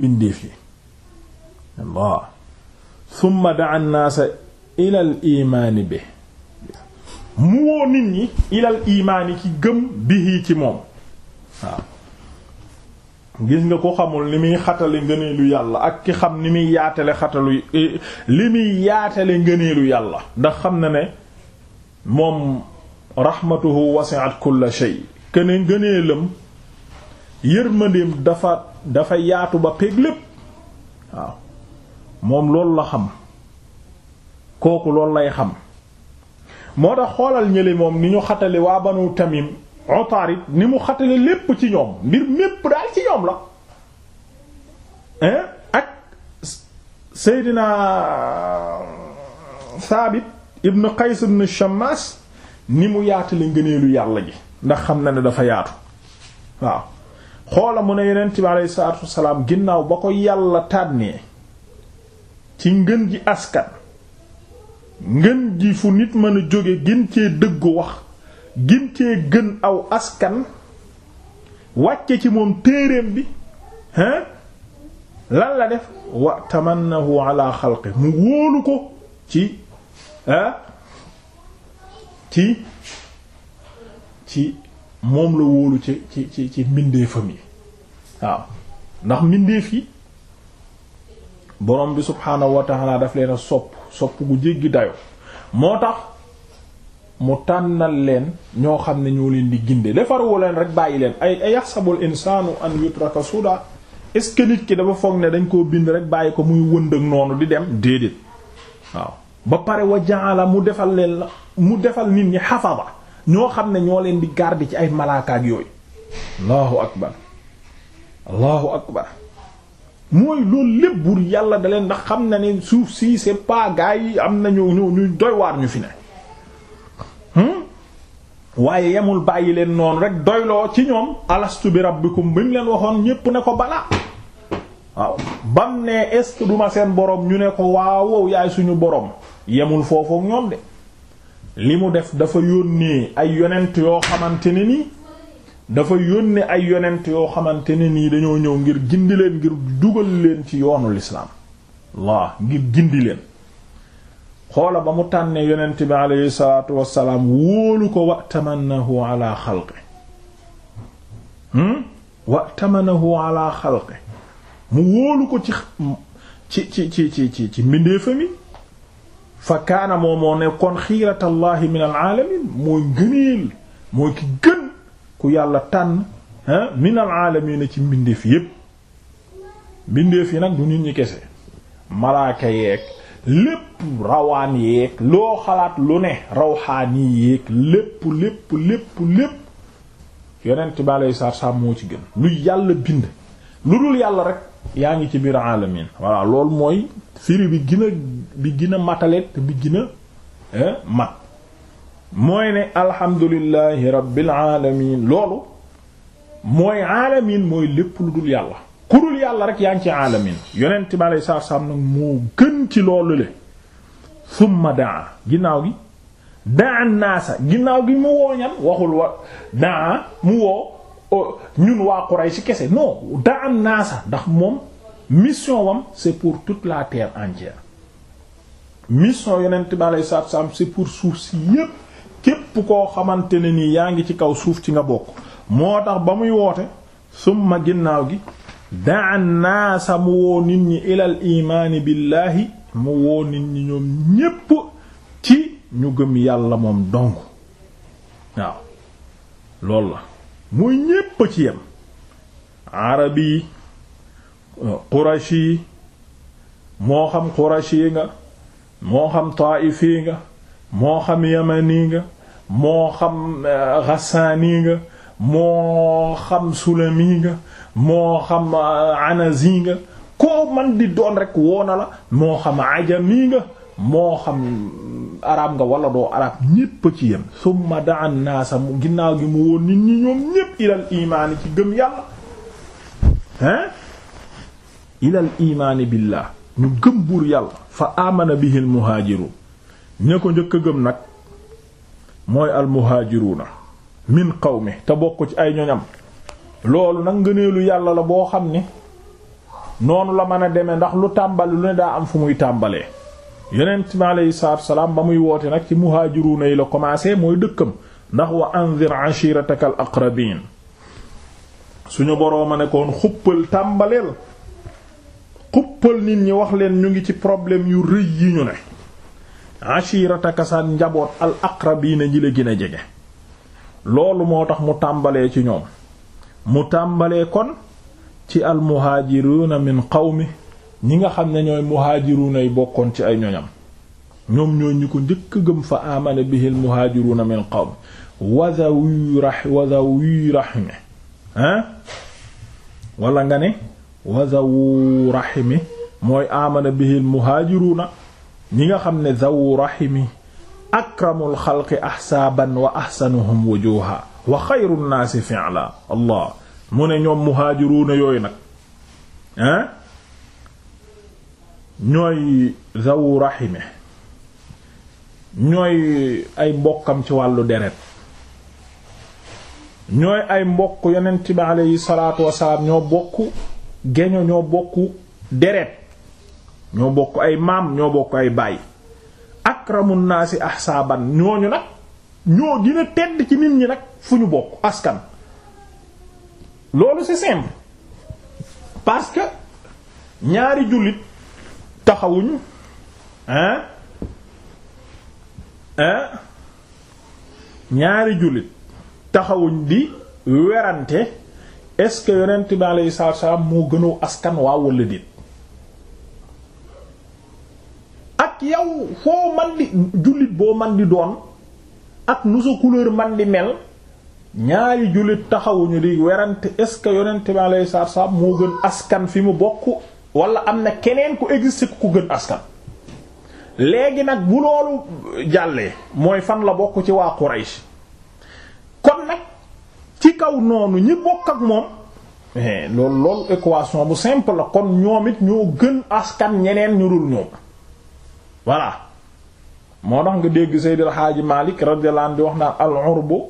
bindeef yi allah thumma daa nnaasa ilal imaani bi mu nit ñi ilal imaani ki gëm bihi ci moom gis nga ko xamul ni muy xatale ngëneelu yàlla ak ki xam ni muy yaatale xatalu yaatale ngëneelu yàlla ndax xam na ne moom rahmatuhu wasi'at kulla shay kene ngëneelam yërmandeem dafa dafa yaatu ba peeg lépp waaw moom loolu la xam kooku loolu lay xam moo tax xoolal ñëli moom ni ñu xatale waa banu tamim otaarit ni mu xatale lépp ci ñoom mbir mépp daal ci ñoom la hein ak Seydina Saabit ibn Qays ibn Shammas ni mu yaatale ngëneelu yàlla ji ndax xam na ne dafa yaatu waaw xoola mu ne yonent bi aleyhi salaatu salaam ginnaaw ba ko yàlla tànnee ci ngën ji askan ngën ji fu nit mën jóge gën cee dëggu wax gën cee gën aw askan wàcce ci moom téereem bi hein lan la def wa tamannahu ala xalqi mu wóolu ko ci ah ci ci moom la wóolu ci ci ci ci mbindeefam yi waaw ndax mbindeef yi borom bi subhaanahu wa taala leen a sopp sopp gu jéggi dayo moo tax mu tànnal leen ñoo xam ne ñoo leen di ginde defarwu leen rek bàyyi leen ay ay yaxsabul insaanu an yutraka suda est-ce que ki dafa foog ne dañ koo bind rek bàyyi ko muy wënd noonu di dem déedéet waaw ba pare wa jaala mu defal leen la mu defal nit ñi xafaba ñoo xam ne ñoo leen di bi ci ay malaakaak yooyu allahu akbar allahu akbar mooy loolu lépp bur yàlla da leen ndax xam na ne suuf si c'est pas yi am na ñu ñu doy waar ñu fi ne hmm? waaye yemul bàyyi leen noonu rek doyloo ci ñoom alastu bi rabbikum bi mu leen waxoon ñépp ne ko bala waaw bam ne est duma seen borom ñu ne ko waawoo yaay suñu boroom yemul foofu ak ñoom de li mu def dafa yónnee ay yonent yoo xamante ne nii dafa yónnee ay yonent yoo xamante ne nii dañoo ñëw ngir jindi leen ngir dugal leen ci yoonu lislaam waa ngir gindi leen xoola ba mu tànnee yonent bi aleyhi salaatu wassalaam wóolu ko wa tamanahu hmm? ala xalqi mu wóolu ko ci ci ci ci ci ci mbindeefami fa kaana moom moo nekkoon xiiratallahi min al alamin mooy ngëneel mooy ki gën ku yàlla tànn min al alamin ci mbindeef yépp mbindeef yi nag du nit ñi kese malaaka yeeg lépp rawaan yeeg loo xalaat lu ne rawxaani yeeg lépp lépp lépp lépp yonent bi aleyhi salaatu moo ci gën lu yàlla bind lu dul yàlla rek yaa ngi ci biir alamin voilà loolu mooy firi bi gën a bi gina a matale bi gën eh, mat mooy ne alhamdulillahi rabbil alamin loolu mooy alamin mooy lépp lu dul yàlla ku dul yàlla rek yaa ngi ci alamin yonent bi alei saatu salaam nag moo gën ci loolu le summa daa ginnaaw gi daa naasa ginnaaw gi mu woo ñan waxul wa daa mu woo Oh, ñun waa Quraysh kese no daan am naasa ndax moom mission wam c'est pour tout la terre entière mission yonent bi alayhi salaatu salaam c'est pour suuf si yépp képp koo xamante ne nii yaa ngi ci kaw suuf ci nga bokk moo tax ba muy woote summa ginnaaw gi daa naasa mu woo nit ñi ilal imaani billaahi mu woo nit ñi ñoom ñépp ci ñu gëm yàlla moom dong waaw loolu la mooy ñépp ci yem arabi yi moo xam qurashi nga moo xam taifi nga moo xam yamani nga moo xam eh, ghassani nga moo xam sulami nga moo xam eh, anazi nga koo man di doon rek woona la moo xam ajami nga moo xam arab nga wala doo arab ñépp ci yem summa daan sa mu ginnaaw gi mu woon nit ñi ñoom ñépp ilal imaani ci gëm yàlla hein ilal imaani billah ñu gëm buur yàlla fa amana bi al muhaajiruun ña ko njëkk a gëm nag mooy al muhaajiruuna min mi te bokk ci ay ñoñam loolu nag ngëneelu yàlla la boo xam ne noonu la mën a demee ndax lu tàmbali lu ne daa am fu muy tàmbalee yonent bi aleyhi salaatu salaam ba muy woote nag ci muhaajiruuna yi la commencé mooy dëkkam ndax wa anzir ashiratak al aqrabin suñu borooma nekkoon xuppal tàmbaleel xuppal nit ñi wax leen ñu ngi ci problème yu rëy yi ñu ne ashirataka sa njaboot al aqrabina ñi la gën a jege loolu moo tax mu tàmbalee ci ñoom mu tàmbalee kon ci al muhajiruna min qawmi ñi nga xam ne ñooy muhaajiruuna yi bokkoon ci ay ñoñam ñoom ñooy ñi ko njëkk gëm fa amana bihil muhaajiruuna min qawm wazawi ra wazawi rahimi ah wala nga ne wazawu rahimi mooy amana bihil muhaajiruuna ñi nga xam ne zawu rahimi akramul xalqi ahsaaban wa ahsanuhum wujuha wa xayru nnaasi fi'la allah mu ne ñoom muhaajiruuna yooyu nag ah ñooy zawu raxime ñooy ay mbokkam ci wàllu deret ñooy ay mbokk yonent bi aleyhi salaatu wasalaam ñoo bokk geño ñoo bokk deret ñoo bokk ay maam ñoo bokk ay baay akramun naasi ahsaaban ñooñu nag ñoo gën a tedd ci nit ñi nag fu ñu bokk askan loolu c'est simple parce ñaari jullit taxawuñ hein hein ñaari jullit taxawuñ di werante est yonent bi alayhi salaatu salaam moo gënaw askan waa walla déet ak yow foo man di jullit boo man di doon ak nu sa couleur man di mel ñaari jullit taxawuñu di werante est-ce que yonent bi alayhi salaatu salaam moo gën askan fi mu bokk wala am na keneen ku existé ku gën askan léegi nag bu loolu jàllee mooy fan la bokk ci waa Quraysh kon nag ci kaw noonu ñi bokk ak moom eh, loolu loolu équation bu simple la kon ñoom it ñoo gën askan ñeneen ñu dul ñoom voilà moo tax nga dégg Seydil Hadji Malick radiyallahu anhu di wax naan al urbu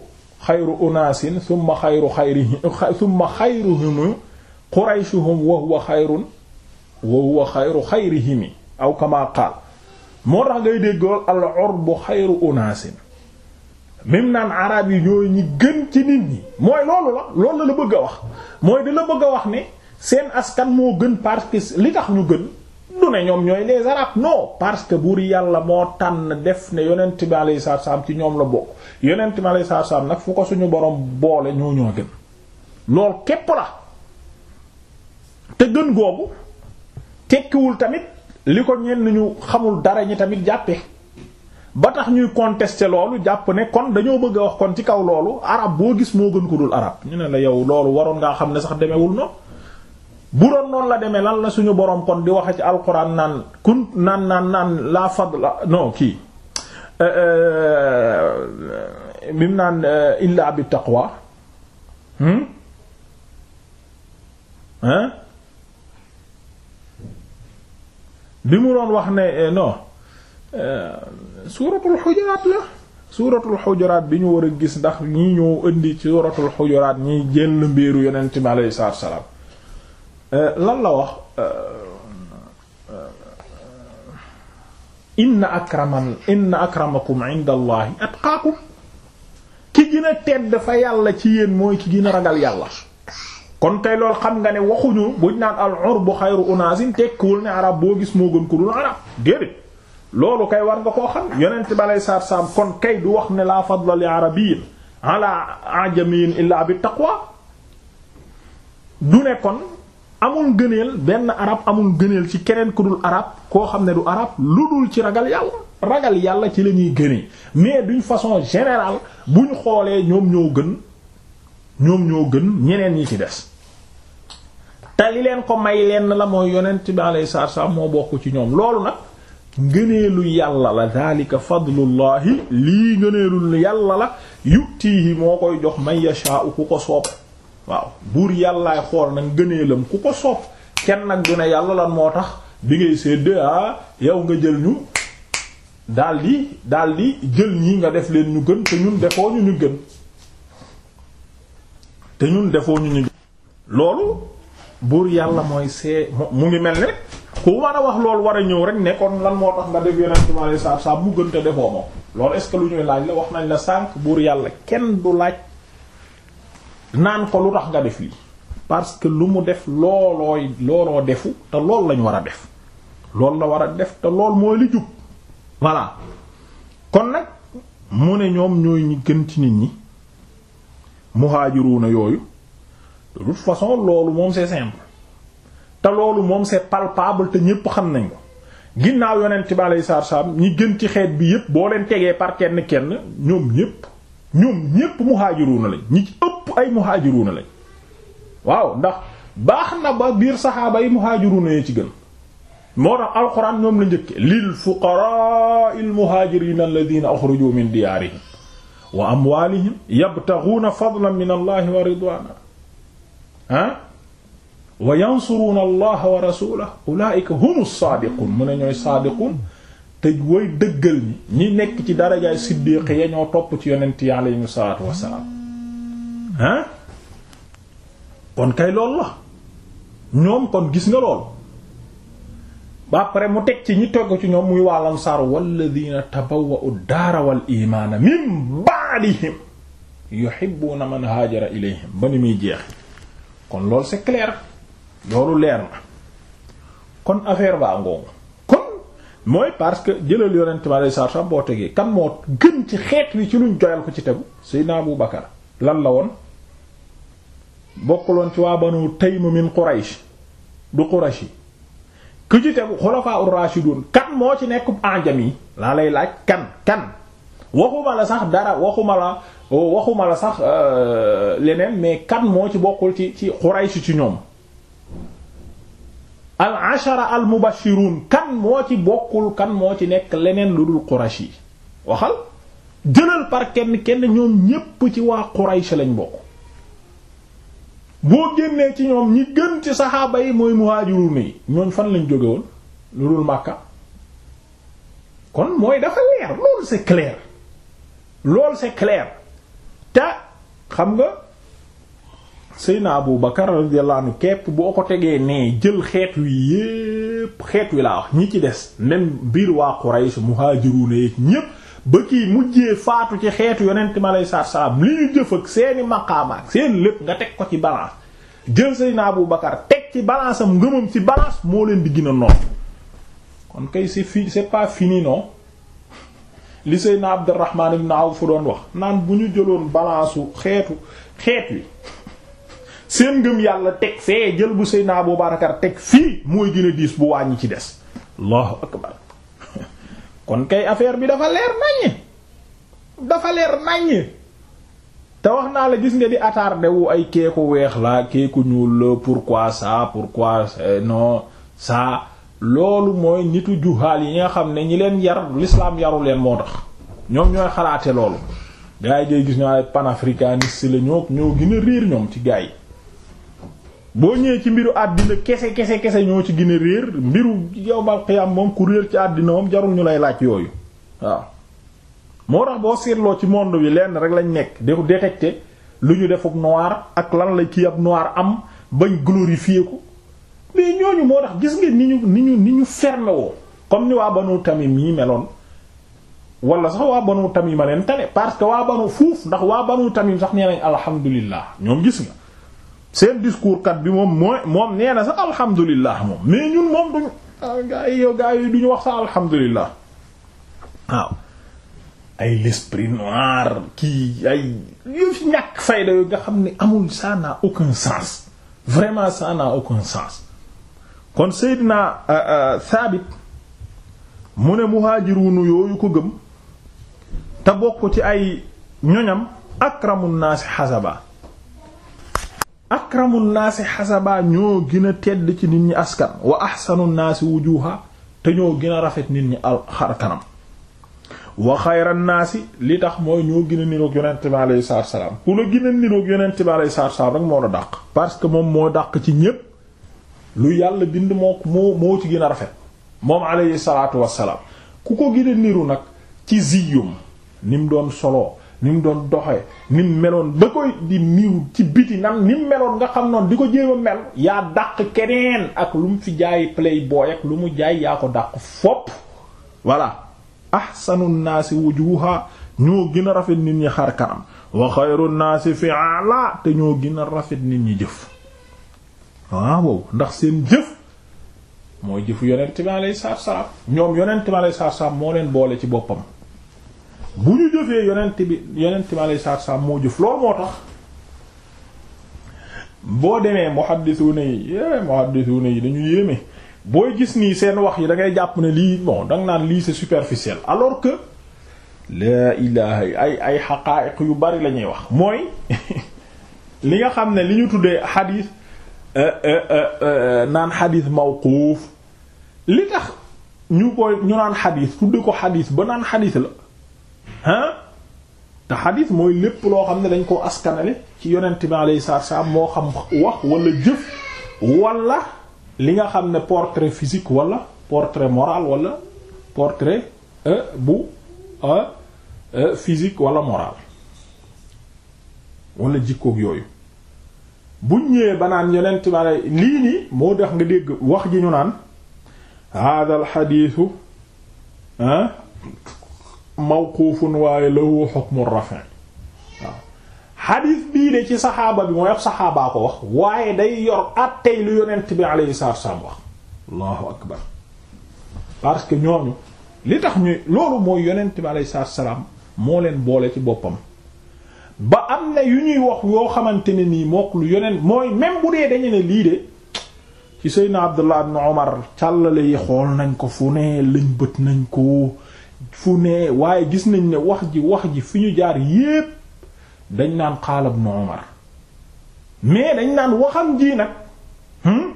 xayru unaasin thumma xayru xayrihim thumma xayruhum qurayshuhum wa huwa xayrun wa huwa xayru xayrihimi aw kama qaal moo tax ngay déggool al urbu xayru na mim naan arab yi ñooy ñi gën ci nit ñi mooy loolu la loolu la la bëgg a wax mooy da la bëgg a wax ni seen askan moo gën parce li tax ñu gën du ne ñoom ñooy les arabes non parce que buur yàlla moo tànn def ne yonent bi alayhi salaatu ci ñoom la bokk yonent bi alayhi salaatu salaam nag fu ko suñu borom boole ñoo ñoo gën loolu képp la te gën googu tekkiwul tamit li ko ñenn ñu xamul dara ñi tamit jàppe ba tax ñuy contester loolu jàpp ne kon dañoo bëgg a wax kon ci kaw loolu arab boo gis moo gën ko dul arab ñu ne la yow loolu waroon ngaa xam ne sax demewul noonu bu doon noonu la demee lan la suñu borom kon di waxe ci alquran naan kun naan naan naan la fadla non kii euh, euh, bimu naan euh, illa bi taqwa hmm? bi mu doon wax ne eh, non eh, suuratul xujuraat la suuratul xujuraat bi ñu war a gis ndax ñi ñoo indi ci suuratul xujuraat ñiy jël mbiiru yonent bi alayhi salaatu wa salaam eh, lan la wax inna akraman inna akramakum inda allahi atqaakum ki gën a tedd fa yàlla ci yéen mooy ki gina a ragal yàlla kon kay loolu xam nga ne waxuñu buñ naan al urbu xayru unaasin tekkiwul ne arab boo gis moo gën ko dul arab déedéet loolu kay war nga koo xam yeneen bi aley salaatu salaam kon kay du wax ne laa fadla li arabiyin ala ajamiyin illa bi taqwa du ne kon amul gëneel benn arab amul gëneel ci keneen ku dul arab koo xam ne du arab lu dul ci ragal yàlla ragal yàlla ci la ñuy gënee mais duñ façon générale bu xoolee ñoom ñoo gën ñoom ñoo gën ñeneen yi ci des te li leen ko may lenn la mooy yonent bi alayhi salaatu moo bokk ci ñoom loolu nag lu yàlla la daalika fadlullahi lii ngëneelul yàlla la yutiihi moo koy jox man yashaa'u ku ko soob waaw buur yàllaay xool nag ngëneelam ku ko soob kenn nag du ne yàlla lan moo tax bi ngay séddee ah yow nga jël ñu daldi daldi jël ñi nga def leen ñu gën te ñun defoo ñu ñu gën te ñun defoo ñu ñu gën loolu buur yàlla mooy see mu ngi mel ni rek ku war a wax loolu war a ñëw rek nekkoon lan moo tax nga def yonent mi alayhi salaatu gën te defoo moom loolu laaj la wax nañ la sànq buur yàlla kenn du laaj naan ko lu tax nga def lii parce que lu mu def loolooy looloo defu te lool lañ war a def loolu la war a def te lool mooy li jub voilà kon nag mu ne ñoom ñooy ñi gën ci nit ñi muhaajiruuna yooyu de toute façon loolu moom c'est simple te loolu moom c'est palpable te ñépp xam nañ ko ginnaaw yonent bi alayhi salaatu salaam ñi gën ci xeet bi yépp boo leen tegee par kenn kenn ñoom ñépp ñoom ñépp muhaajiruuna lañ ñi ci ëpp ay muhaajiruuna lañ waaw ndax baax na ba biir saxaaba yi muhaajiruuna yee ci gën moo tax alxuraan ñoom la njëkke lil fuqaraa'il muhaajiriina alladhiina uxrijuu min diyaarihim wa amwaalihim yabtaghuuna fadlan min allahi wa ridwaana ah wa yansuruuna allaha wa rasulahu ulaika hum saadiqun mu ne ñooy saadiqun te woy dëggal ñi nekk ci darajaay siddiq ya ñoo topp ci yonent yi aleyhim salaatu wasalaam ah kon kay loolu la ñoom kon gis nga loolu ba mu teg ci ñi togg ci ñoom muy wàllam sar walladina tabawwa'u daara wal imaana min ba'dihim yuhibbuna man haajara ilayhim ba ni muy jeex kon loolu c'est clair loolu leer na kon affaire baa ngoogu kon mooy parce que jëlal yonent mi alei satu selaam boo tegee kan moo gën ci xeet wi ci luñ joyal ko ci tegu Seydina Abu Bakar lan la woon bokkuloon ci waa banu Taym min Quraysh du Quraysh yi ku ci tegu xulafaa ur-rashidun kan moo ci nekk anjam yi laa lay laaj kan kan waxuma la sax dara waxuma la Oh, waxuma la sax euh, leneen mais kan moo ci bokkul ci ci Quraysh ci ñoom al ashara al mubashirun kan moo ci bokkul kan moo ci nekk leneen lu dul Quraysh yi waxal jëlal par kenn kenn ñoom ñépp ci waa Quraysh lañ bokk boo génnee ci ñoom ñi gën ci saxaaba yi mooy muhaajirun yi ñooñ fan lañ jóge woon lu dul Makka kon mooy dafa leer loolu c'est clair loolu c'est clair xam nga Seydina Abu Bakar radiyallahu anhu képp boo ko tegee nee jël xeet wi yépp xeet wi laa wax ñi ci des même biir waa Quraysh muhaajiruun ñépp ba kii mujjee faatu ci xeetu yonent ma lay saar salaam li ñu jëf ak seeni maqaama ak seen lépp nga teg ko ci balance jël sëy Seydina Abu Bakar teg ci balance am ngëmam ci balance moo leen di gën noonu kon kay c'est fi c'est pas li Seydina Abdurrahman ibn fu doon wax naan bu ñu jëloon balaasu xeetu xeet wi seen ngëm yàlla teg fee jël bu Seydina Abu Bakar teg fii mooy gën a diis bu wàññi ci des allahu akbar kon kay affaire bi dafa leer naññe dafa leer naññe te wax naa la gis nga di attardé wu ay keeku weex la keeku ñuul la pourquoi ça pourquoi euh, non ça loolu mooy nitu juhaal yi nga xam ne ñi leen yar lislaam yaru leen moo tax ñoom ñooy xalaate loolu gars yi ngay gis ñoo ay panafricaniste la ñoo ñoo gën a réer ñoom ci gaa yi boo ñëwee ci mbiru àddina kese kese kese ñoo ci gën a réer mbiru yowmal xiyaam moom ku réer ci àddina moom jarul ñu lay laaj yooyu waaw moo tax boo seetloo ci monde bi lenn rek lañ nekk di détecter lu ñu defuk noir ak lan la ki ab noir am bañ glorifier ko mais ñooñu moo tax gis ngeen ni ñu ni ñu ni woo comme ni waa banu tamim yi meloon wala sax waa banu tamim a leen tane parce que waa banu fuuf ndax waa banu tamim sax nee nañ alhamdulilah ñoom gis nga seen discours kat bi moom mooy moom nee sax alhamdulilah moom mais ñun moom duñ ah, gaa yi yow gaa wax sax alhamdulilah waaw ay l'esprit noir kii ay ñàkk fayda yooyu nga xam ne amul ça n'a aucun sens vraiment ça n'a aucun sens kon Seydina Saabit euh, euh, mu ne muhaajiruunu yooyu ko gëm te bokk ci ay ñoñam akramun naasi xasaba akramun naasi xasaba ñoo gën a tedd ci nit ñi askan wa axsanu naasi wujuha te ñoo gën a rafet nit ñi al xar kanam wa xayran naasi li tax mooy ñoo gën a niroog yonent bi alayhi salaam ku la gën a niroog yonent bi alayhi salaam rek moo la dàq parce que moom moo dàq ci ñépp lu yàlla bind moo moo moo ci gën a rafet moom alayhi salaatu wassalaam ku ko gën a niru nag ci ziyum ni mu doon solo ni mu doon doxee ni meloon ba koy di niw ci biti nam ni mu meloon nga xam noon di ko jéem mel yaa dàq keneen ak lu mu fi jaay playboy ak lu mu jaay yaa ko dàq fopp voilà ahsanu naasi wujuha ñoo gën a rafet nit ñi xar kanam wa xayru naasi fi'ala te ñoo gën a rafet nit ñi jëf Ah, waaw ndax seen jëf mooy jëfu yonent bi alayhi salaatu salaam ñoom yonent bi alayhi salaatu salaam moo leen boole ci boppam bu ñu jëfee yonent bi yonent bi alayhi salaatu salaam moo jëf loolu moo tax boo demee muhaddisuuna yi é muhaddisuuna yi dañu yéeme booy gis nii seen wax yi dangay jàpp ne lii bon danga naan lii c'est superficiel alors que laa ilaha ay ay xaqaayiq yu bari la ñuy wax mooy li nga xam ne li ñu tuddee xadiis Euh, euh, euh, naan xadis mawquuf li tax ñu koy ñu naan xadis tudde ko xadis ba naan xadis la ah te xadis mooy lépp loo xam ne dañ koo askanale ci yonent bi alayhi salaatu salaam moo xam wax wala jëf wala li nga xam ne portrait physique wala portrait moral wala portrait bu physique wala moral wala jikkoog yooyu buñ ñëwee ba naan yonent bi lii nii moo tax nga dégg wax ji ñu naan hada al xadiisu ah mawquufun waaye lahu xukmu waaw xadiis bii de ci saxaaba bi mooy ab saxaabaa ko wax waaye day yor attey lu yonent bi alayhi salaatu wax allahu akbar parce que ñooñu li tax ñuy loolu mooy yonent bi alayhi salaatu moo leen boole ci boppam ba am na yu ñuy wax yoo xamante ne nii mook lu yeneen mooy même bu dee dañu ne lii de ci Seydina Abdullah ibn Omar càllale yi xool nañ ko fu ne lañ bët nañ ko fu ne waaye gis nañ ne wax ji wax ji fi ñu jaar yépp dañ naan xaala ibn Omar mais dañ naan waxam ji nag hmm,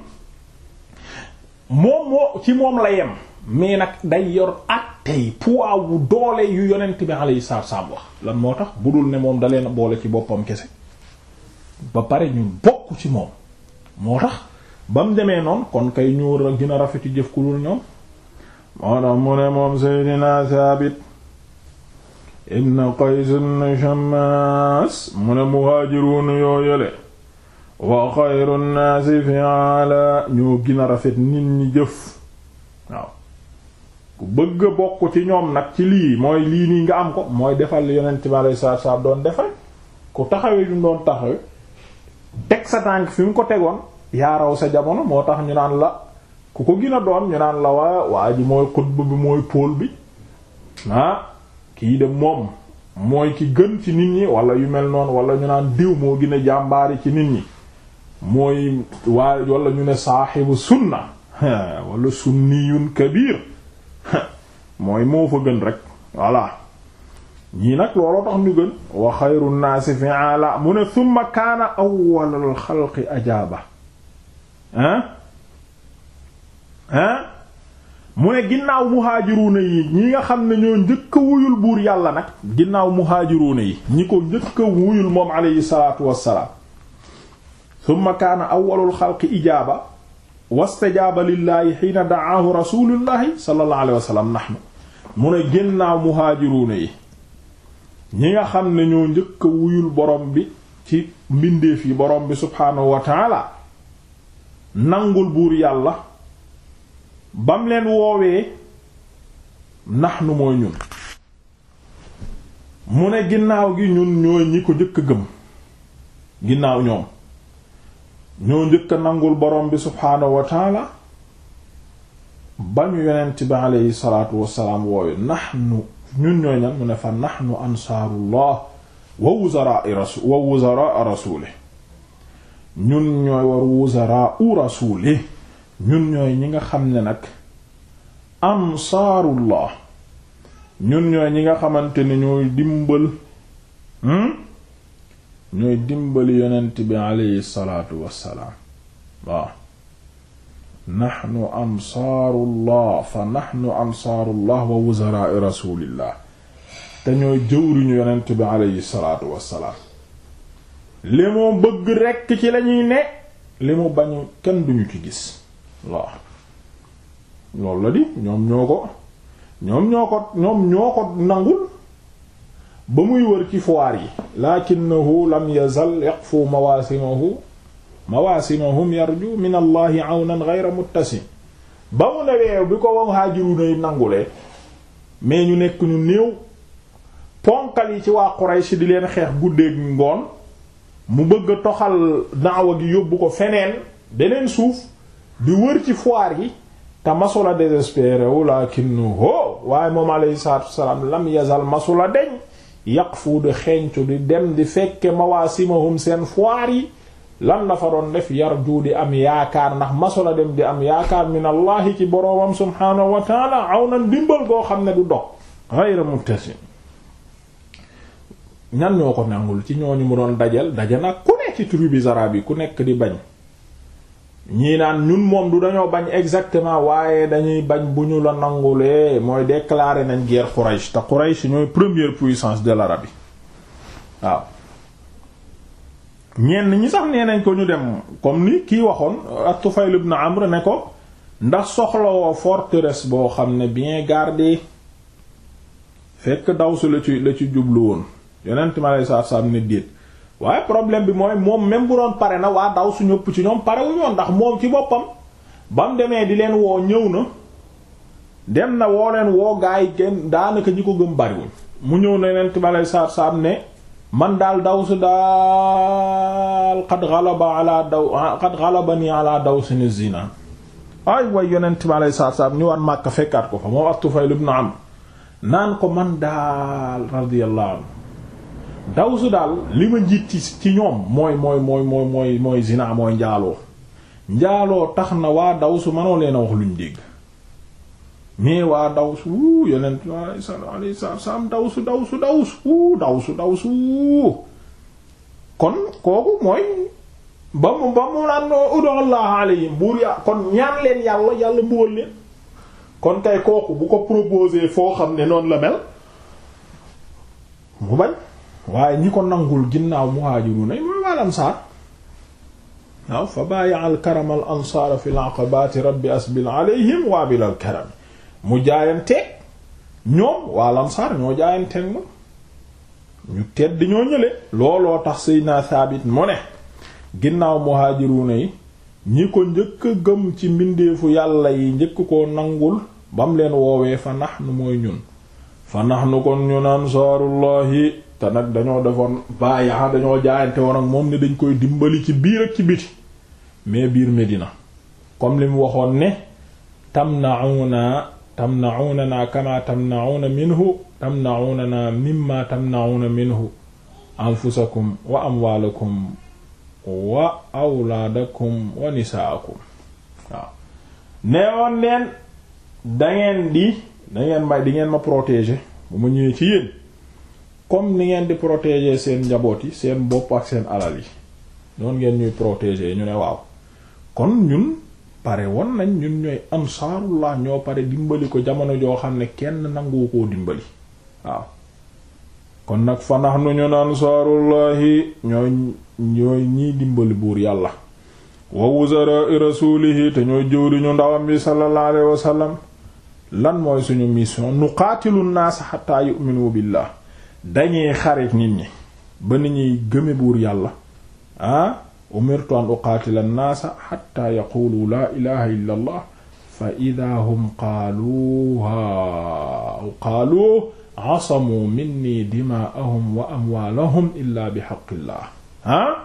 moom moo ci moom la yem mais nag day yor ak tey poids wu doole yu yonent bi yi salaatu salaam wax lan moo tax bu dul ne moom da leen boole ci boppam kese ba pare ñu bokk ci moom moo tax ba mu demee noon kon kay ñu gën a rafetu jëf ku dul ñoom moo tax mu ne moom Seydina Saabit ibn Qays ibn Shammas mu ne muhaajiruun yoo yële wa xayru nnaasi fi ala ñoo gën a rafet nit ñi jëf waaw ku bëgg bokk ci ñoom nag ci lii mooy lii nii nga am ko mooy defal yeneen bi alayhi salaatu salaam doon defal ku taxawee lu mu doon taxawee teg sa tànk fi mu ko tegoon yaaraw sa jamono moo tax ñu naan la ku ko gën doon ñu naan la waa waa ji mooy xutb bi mooy pôle bi ah, kii de moom mooy ki gën ci nit ñi wala yu mel noonu wala ñu naan diw moo gën jàmbaar jàmbaari ci nit ñi mooy waa wala ñu ne saaxibu sunna wala sunniyun kabir mooy moo fa gën rek voilà ñii nag looloo tax ñu gën wa xayru nnaasi fi'aala mu ne thumma kaana awwalul xalqi ajaaba hein hein ginnaaw muhaajiruuna yi ñi nga xam ne ñoo njëkk wuyul buur yàlla nag ginnaaw muhaajiruuna yi ñi ko njëkk a wuyul moom aleyhi salaatu wassalaam thumma kaana awwalul xalqi ijaaba wastajaaba lillaahi xiina da'aahu rasuulullahi sallallahu alayhi wa sallam nahnu mu ne génnaaw muhaajiruuna yi ñi nga xam ne ñoo njëkk a wuyul borom bi ci mbindeef yi borom bi subhaanahu wa taala nangul buur yàlla bam leen woowee nahnu mooy ñun mu ne ginnaaw gi ñun ñooy ñi ko njëkk a gëm ginnaaw ñoom ñoo njëkk a nangul borom bi subhaanahu wa taala ba ñu yonent bi aleyhi salaatu wassalaam wooyu nahnu ñun ñooy ñan mu ne fa nahnu ansaarullah wa wuzara'i rasul wuzara'a rasuli ñun ñooy ñi nga xam ne nag ansaarullah ñun ñooy ñi nga xamante ne ñooy dimbal hmm ñooy dimbali yonent bi aleyhi salaatu wassalaam waaw naxnu ansaarullah fa naxnu ansaarullah wa wuzaraai rasulillah te ñooy jëwriñu yonent bi aleyhi salaatu wassalaam li mu bëgg rekk ci lañuy ne li mu bañ kenn duñu ci gis waaw loolu la di ñoom ñoo ko ñoom ñoo ko ñoom ñoo ko nangul ba muy wër ci foire yi lakinnahu lam yazal yaqfu mawaasimahu mawaasimahum yarju min allahi awnan ghayra ba mu newee bi ko muhaajiruuna yi nangulee mais ñu nekk ñu néew ponkal yi ci waa Quraysh di leen xeex guddeeg ngoon mu bëgg toxal daawa gi yóbbu ko feneen beneen suuf di wër ci foire yi te masula désespéré wu lakinnahu waaye moom alayhi salaatu salaam lam yazal masula deñ yaqfu di xencu di dem di fekke mawaasimahum seen foire yi lan la fa doon def yarju di am yaakaar ndax masula dem di am yaakaar min allahi ci boroomam subhaanahu wa taala awnan dimbal goo xam ne du dog ghayra mubtasim ñan ñoo ko nangul ci ñooñu mu doon dajal daja nag ku nekk ci tribu arab yi ku nekk di bañ ñii naan ñun moom du dañoo bañ exactement waaye dañuy bañ bu ñu la nangulee mooy déclarer nañ guerre Quraysh te Quraysh ñooy première puissance de l'Arabie waaw ñenn ñi sax nee nañ ko ñu dem comme ni kii waxoon at-Tufayl na Amr ne ko ndax soxlawoo forteresse boo xam ne bien gardée fekk daw si la ci la ci jublu woon yonent ma lay saaf déet waaye problème bi mooy moom même bu doon pare na waa daw su ñëpp ci ñoom pare wu ñoon ndax moom ci boppam ba mu demee di leen woo ñëw na dem na woo leen woo gaa yi kenn daanaka ñi ko gëm bariwuñ mu ñëw na leen tibalay saar saam ne man daal daw su daal xat xalaba daw xat xalaba nii ala daw si ni zina ay way yonent ma lay saar saam ñu war màkk fekkaat ko fa moom at Tufayl ibn Amr naan ko man daal radiyallahu anhu dawsu daal li ma njiit ci ñoom mooy mooy mooy mooy mooy mooy zina mooy njaaloo njaaloo tax na waa dawsu manoo leen a wax luñ dégg mais waa dawsu wuu yeneen alayhi salaam dawsu dawsu dawsu wuu dawsu dawsu kon kooku mooy ba mu ba mu naan udullah alayhim buur ya kon ñaan leen yàlla yàlla mbugal leen kon kay kooku bu ko proposé foo xam ne noonu la mel mu bañ waaye ñi ko nangul ginnaaw muhaajiruuna moom al ansaar waaw fa baayaa al karam al ansaar fi al aqabaati rabbi asbil alayhim waa bil al mu jaayanteeg ñoom waa al ñoo jaayanteeg moom ñu tedd ñoo ñële looloo tax Seydina Thabit mu ne ginnaaw muhaajiruuna yi ñi ko njëkk a gëm ci mbindeefu yàlla yi njëkk ko nangul bam leen woowee fa nax nu mooy ñun fa nax nu kon ñun ansaarullahi te nag dañoo defoon bàyya dañoo jaayante woon ak moom ne dañ koy dimbali ci biir ak ci biti mais biir Medina comme li waxoon ne tamna'una tamna'una kama tamna'una minhu tamna'una mimma tamna'una minhu anfusakum wa amwaalakum wa awlaadakum wa nisaakum waaw neewoon neen dangeen di dangeen may di ngeen ma protéger bu ma ñëwee ci yéen comme ni ngeen di protéger seen njaboot yi seen bopp ak seen alal yi noonu ngeen ñuy protégé ñu ne waaw kon ñun pare won nañ ñun ñooy ansaarullah ñoo pare dimbali ko jamono joo xam ne kenn nangu koo dimbali waaw kon nag fanax nu ñun ansaarullahi ñooy ñooy ñiy dimbali buur yàlla wa wuzara rasulihi te ñooy jëwriñu ndawam bi sallallahu alayhi lan mooy suñu mission nu qaatilu naas hatta yu'minu billah dañuy xareek nit ñi ba ni ñuy gëme buur yàlla ah umirtu an uqaatila annaasa xatta yaqulu laa ilaha illa allah fa ida hum qaaluu asamuu minni dimaa'ahum wa ah?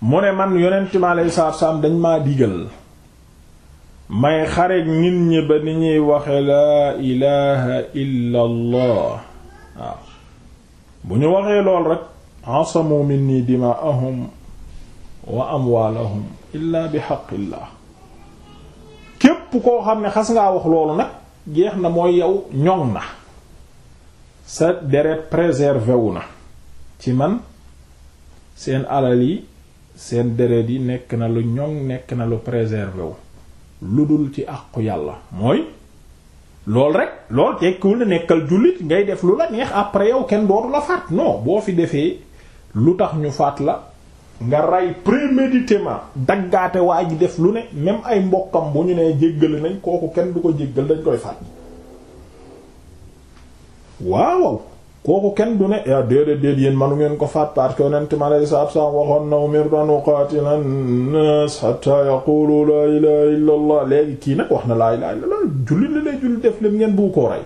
mu ne man yonent mi alayhi dañ maa digal may xareek nit ñi ba ni ñuy waxe laa ilaha illa waaw bu ñu waxee lool rek asamu minni dimaahum wa amwaalahum illa bi xaqillah képp koo xam ne xas ngaa wax loolu nag jeex na mooy yow ñoŋ na sa deret préservé wu na ci man seen alal yi seen deret yi nekk na lu ñoŋ nekk na lu préservé lu dul ci àqu yàlla mooy loolu rek lool tekkiwul ne nekkal jullit ngay def lu la neex après yow kenn dootu la faat non boo fi defee lu tax ñu faat la nga rey préméditement daggaate waa ji def lu ne même ay mbokkam bu ñu nee jéggale nañ kooku kenn du ko jéggal dañ koy faat waaw kooku kenn du ne yaa déedéet déet yéen manu ngeen ko faat parce que yonent mi alayhi salaatu wa salaam waxoon na umirtu an uqaatila an-naas hattaa yaquulu laa ilaaha illallaah léegi kii nag wax na laa ilaaha illallaah jullit la lay jullit def lim ngeen bu ko rey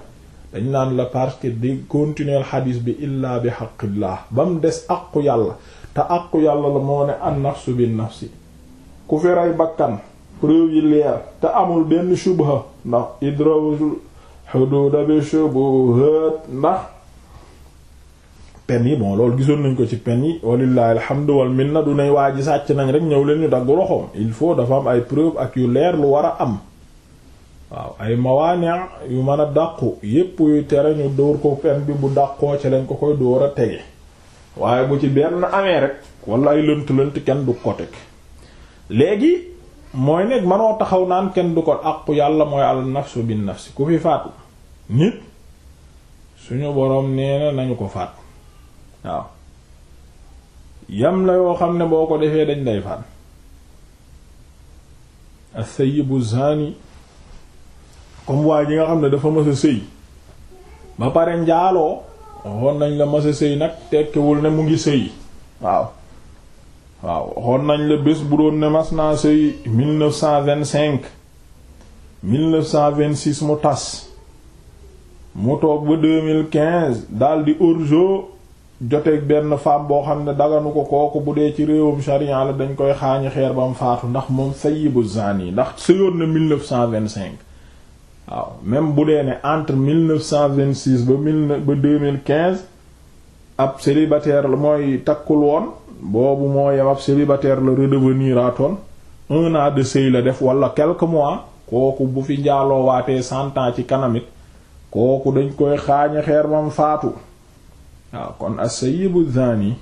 dañ naan la parce que di continuer xadiis bi illaa bi xaqillah ba mu des aqu yàlla te aqu yàlla la moo ne an nafsu bin nafsi ku fi rey bakkan preuve yi leer te amul benn shubha ndax idra'u xuduuda bi shubuhaat ndax pen yi bon loolu gisoon nañ ko ci pen yi walillahi alhamdu wal na du nay waa ji sàcc nañ rek ñëw leen ñu dagg loxoom il faut dafa am ay preuve ak yu leer lu war a am waaw ay mawaane yu mën a dàqu yépp yu tere ñu dóor ko pen bi bu dàqoo ci lañ ko koy dóor a tege waaye bu ci benn amee rek wala ay lënt-lënt kenn du ko teg léegi mooy nekk manoo taxaw naan kenn du ko àqu yàlla mooy al nafsu bin nafsi ku fi faatu nit suñu boroom nee nañu ko faat waaw yam la yoo xam ne boo ko defee dañ lay faan as-sayyibu zani comme waa ji nga xam ne dafa mës a sëy ba pare njaaloo waxoon nañ la mës a sëy nag tekkiwul ne mu ngi sëy waaw waaw waxoon nañ la bés bu doon ne mas naa sëy 1925 1926 mu tas mu toog ba 2015 daal di orjo joteeg benn femme boo xam ne daganu ko kooku bu dee ci réewum sharia la dañ koy xaañi xeer ba mu faatu ndax moom bu sayyibu yi ndax sëyoon na 1925 waaw même bu dee ne entre 1926 ba mille ba 2015 ab célibataire la mooy takkul woon boobu moo yem ab célibataire la redevenir atoon un an de sëy la def wala quelque mois kooku bu fi njaaloo waatee cent ans ci kanamit kooku dañ koy xaañi xeer ba faatu waaw kon as-sayyibu zani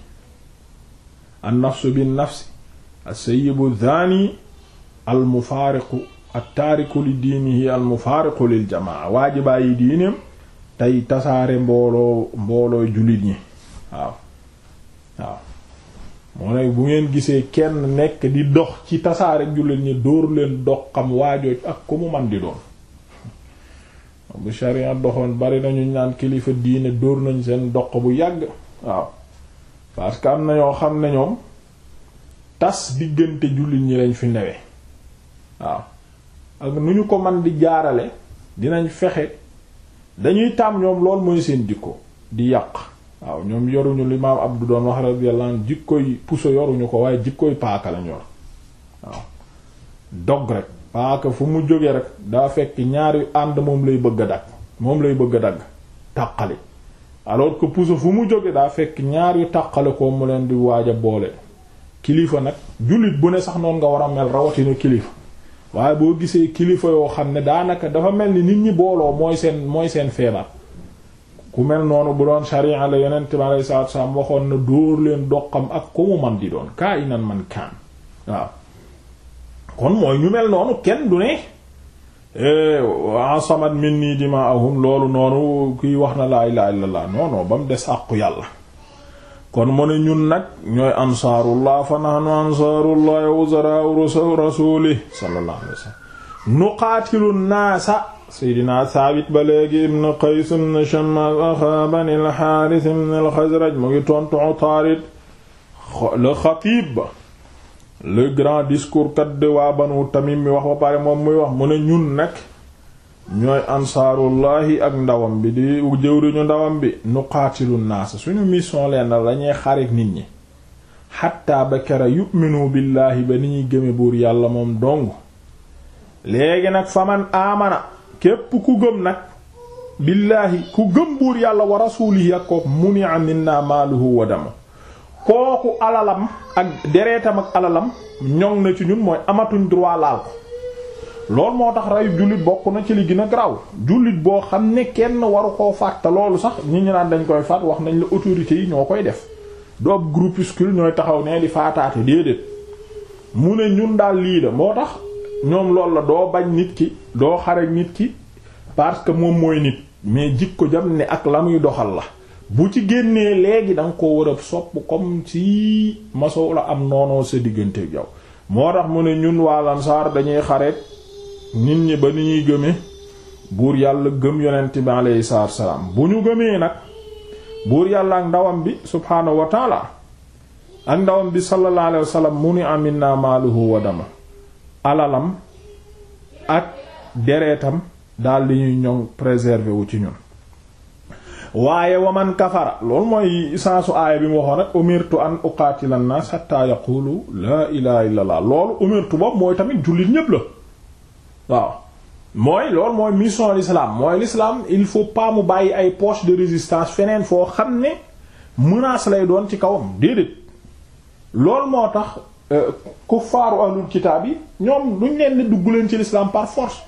an-nafsu bin-nafsi as-sayyibu zani al-mufaariqu li diinihi al-mufaariqu lil-jamaa waajibaa yi diineem tey tasaare mbooloo mbooloo jullit ñi waaw waaw moo ne bu ngeen gisee kenn nekk di dox ci tasaare jullit ñi dóor dox xam waajooj ak ku mu man di doon bu sharia doxoon bari nañu naan kilifa diine dóor nañ seen doq bu yàgg waaw parce que am na ñoo xam ne ñoom tas diggante jullit ñi lañ fi newee waaw ak nu ñu ko man di jaarale dinañ fexe dañuy taam ñoom lool mooy seen jikko di yàq waaw ñoom yoruñu li maam Abdu doon wax radiyallahu anhu jikkoy puso yoruñu ko waaye jikkoy paaka lañ yor waaw dog rek paaka fu mu jóge rek daa fekk ñaari ànd moom lay bëgg a dagg moom lay bëgg a dagg tàqali alors que puso fu mu jóge daa fekk ñaar yu tàqale ko mu leen di waaj a boole kilifa nag jullit bu ne sax noonu nga war a mel rawatina kilifa waaye boo gisee kilifa yoo xam ne daanaka dafa mel ni nit ñi booloo mooy seen mooy seen feebar ku mel noonu bu doon sharia la yonent bi alayhi salaatu wa waxoon na dóor leen doqam ak ku mu man di doon kaa inan man kaan kon mooy ñu mel noonu kenn du ne eh, asamat min nii dima ahum loolu noonu kiy wax na laa ilaha illallah non ba mu des àqu yàlla kon mu ne ñun nag ñooy ansaarullah fa nahnu ansaarullah wa uzara'u rasulih sallallahu alayhi wa sallam nuqaatilu naasa seydina saabit ba léegi ibn qays ibn shammas axaa bani xaaris ibn al xasraj mu ngi tontu utaarid le xatiib le grand discours kat de waa banu tamim mi wax ba pare moom muy wax mu ne ñun nag ñooy ansaarullahi ak ndawam bi di jëwriñu ndawam bi nuqaatilu naas suñu mission leen la ñuy xarit nit ñi xatta ba kera yuminu billaahi ba ni ñuy gëme buur yàlla moom dong léegi nag faman aamana képp ku gëm nag billaahi ku gëm buur yàlla wa rasuulihi ak ko muni'a minna maaluhu wa damu kooku alalam ak dereetam ak alalam ñoŋ na ci ñun mooy amatuñ droit laal ko loolu moo tax reyu jullit bokk na ci li gën a graw jullit boo xam ne kenn waru koo faat te loolu sax ñi ñu naan dañ koy faat wax nañ la autorités yi ñoo koy def du ab groupuscule ñooy taxaw nee di faataate déedéet mu ne ñun daal lii la moo tax ñoom loolu la doo bañ nit ki doo xare nit ki parce que moom mooy nit mais ko jam ne ak la muy doxal la bu ci génnee léegi da ko war a sopp kom ci masoo la am noonoo sa diggante ak yow moo tax mu ne ñun waa Lansaar dañuy xareet nit ñi ba ni ñuy gëme buur yàlla gëm yonent bi alayhi salaatu salaam bu ñu gëmee nag buur yàlla ak ndawam bi subhaanahu wa ak ndawam bi sallallahu alayhi wa sallam mu ni amin naa maaluhu wa dama alalam ak deretam daal ñuy ñoŋ préserver wu ci ñun waaye wa man kafara loolu mooy sensu aaya bi mu waxoon rek umirtu an uqaatila an-naas hatta yaqulu laa ilaha illa loolu umirtu boobu mooy tamit jullit ñépp la waaw mooy loolu mooy mission l'islam mooy lislaam il faut pas mu bàyyi ay poche de résistance feneen foo xam ne menace lay doon ci kawam déedéet loolu moo tax euh, kuffaaru ahlul kitaab yi ñoom duñ leen dugg leen ci l'islam par force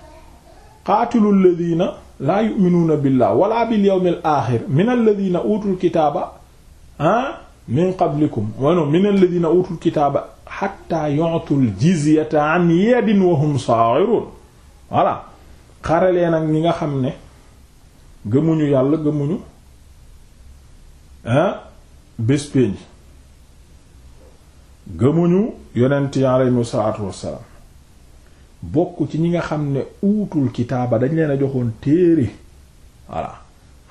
qaatilu alladhina laa yu'minuuna billah wala bil yawmil aaxir min alladina utul kitaaba ah min qablikum wano min alladina utul kitaaba xatta yu'tul jizyata an yadin wa hum saaxiruun voilà xaralee nag ñi nga xam ne gëmuñu yàlla gëmuñu ah bés pénj yonent yi aleyhimu salaatu wassalaam bokk ci ñi nga xam ne uutul kitaaba dañ leen a joxoon téere voilà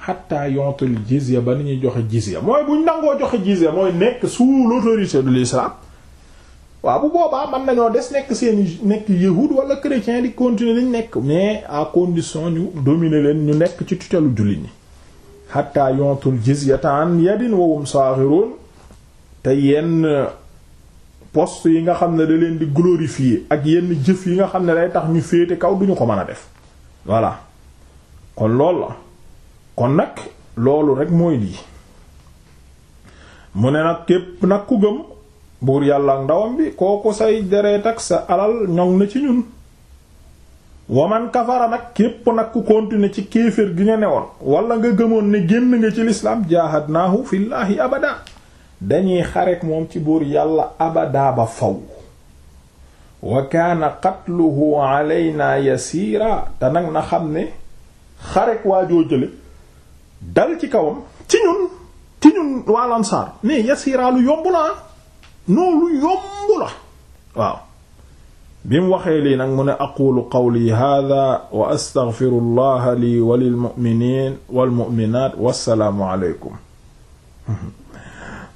xatta yontul jizya ba ni ñuy joxe jizya mooy buñ nangoo joxe jizya mooy nekk sous l'autorité de l'islam waa bu boobaa mën nañoo des nekk seen nekk yahud wala chrétien di continuer liñ nekk mais à condition ñu domine leen ñu nekk ci tutelu jullit ñi xatta yontul jizyata an yadin wa hum saghirun te yenn poste yi nga xam ne da leen di glorifier ak yenn jëf yi nga xam ne day tax ñu féete kaw duñu ko mën a def voilà kon lool la kon nag loolu rek mooy lii mu ne nag képp nag ku gëm buur yàlla ndawam bi kooku say deret ak sa alal ñoŋ na ci ñun waman kafara nag képp nag ku continuer ci kéefër gi nga newoon wala nga gëmoon ne génn nga ci lislaam jaahadnaahu fillaahi abada dañuy xarek moom ci buur yàlla abadaa ba faw wa kaana qatluhu alayna yasiira te xam ne xarek waajoo jële dal ci kawam ci ñun ci ñun waa lansaar mais yasiira lu yomb la noo lu yomb la waaw waxee lii nag mu ne aqulu qawli hada wa astaghfiru allaha lii wa lil mu'miniin wal mu'minaat wassalaamu aleykum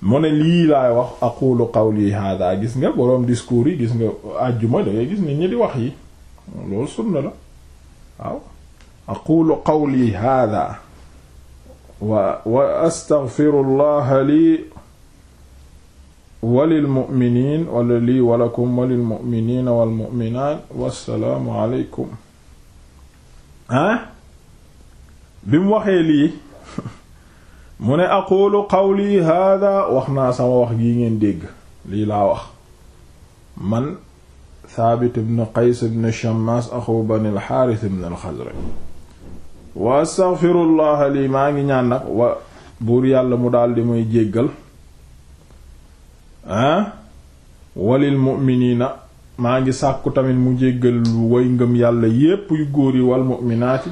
mu ne lii laay wax aqulu qawli hada gis nga boroom discours yi gis nga àjjuma da ngay gis nit ñi di wax yi loolu sunna la waaw aqulu qawli hada wa wa astaghfiru llaha lii wa lilmuminin wala lii wa lakum wa lilmuminina walmuminat wassalaamu aleykum ah bi mu waxee lii mu ne aqulu qawli hada wax naa sama wax gi ngeen dégg lii laa wax man Thabit ibn Qays ibn Shammas axu bani al-Harith ibn wa astaghfirullah lii maa ngi ñaan wa buur yàlla mu daldi may muy jéggal ah walil mu'minina maa ngi sàkku tamit mu jéggal way ngëm yàlla yépp yu góor yi wal mu'minaati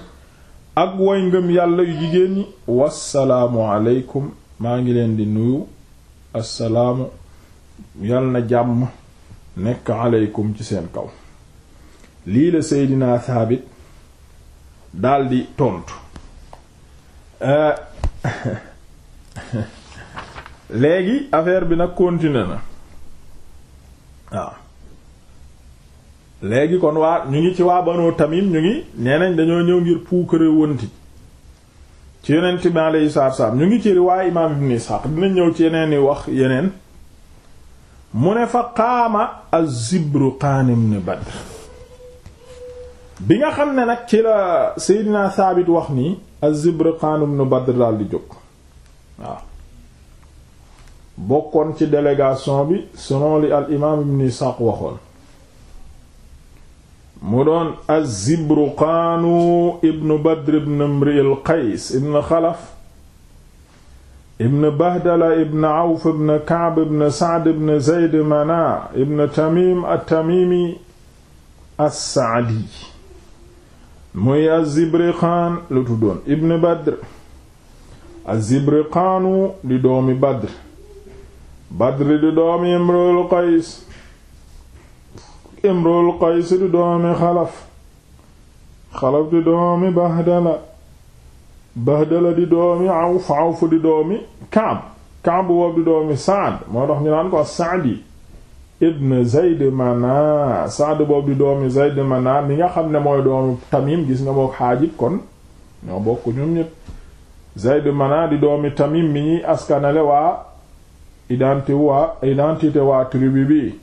ak way ngëm yàlla yu jigéen ñi wassalaamu aleykum maa ngi leen di nuyu assalaamu yal na jàmm nekk aleykum ci seen kaw lii la Seydina Saabit daldi tontu léegi affaire bi nag continuer na waaw léegi kon waa ñu ngi ci waa Banu Tamim ñu ngi nee nañ dañoo ñëw ngir puukare wënti ci yonent bi alayhi salaatu salaam ñu ngi ci riwaay imaam Ibn Ishaq dinañ ñëw ci yeneen i wax yeneen mu ne fa qaama az-Zibruqaan ibn Badr bi nga xam ne nag ci la Seydina Saabit wax nii az-Zibruqaan ibn Badr daal di jóg waaw bokkoon ci délégation bi selon li al imaam Ibn Ishaq waxoon mu doon az-Zibruqaanu ibnu Badr ibn Imri'il Qays ibn Xalaf ibn Bahdala ibn Awf ibn Ka'b ibn Sa'd ibn Zayd Mana ibn Tamim at-Tamimi as-Sa'di muy az-Zibriqaan lu tuddoon ibn Badr az-Zibriqaanu di doomi Badr Badr di doomi Imri'il Qays imrul qays di doomi xalaf xalaf di doomi bahdala bahdala di doomi awf awf di doomi kaab kaab woob di doomi saad moo tax ñu naan ko saadi ibn zayd mana saad boob di doomi zayd mana mi nga xam ne mooy doomi tamim gis nga mook xaajib kon ñoo bokk ñoom zayd mana di doomi tamim mi ñuy askanale waa identité waa identité waa tribu bi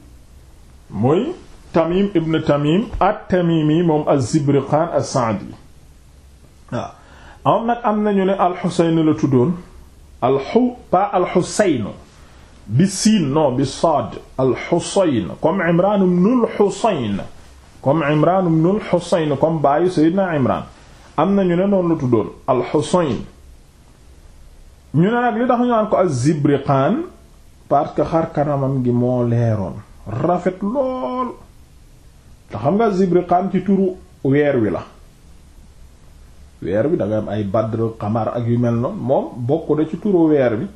muy Tamim ibn Tamim at-Tamimi moom az-Zibriqaan as-Sa'di am nañu ne al la tuddoon al-Hu pas al-Husayn bi siin non bi saad al am nañu noonu la tuddoon al-Husayn ñu ne nag li tax ñu naan ko az-Zibriqaan parce que xar kanamam gi moo leeroon rafet lool. te xam nga zibriqaan ci turu weer wi la weer wi da am ay badr xamar ak yu mel noonu moom bokk ci turu weer wi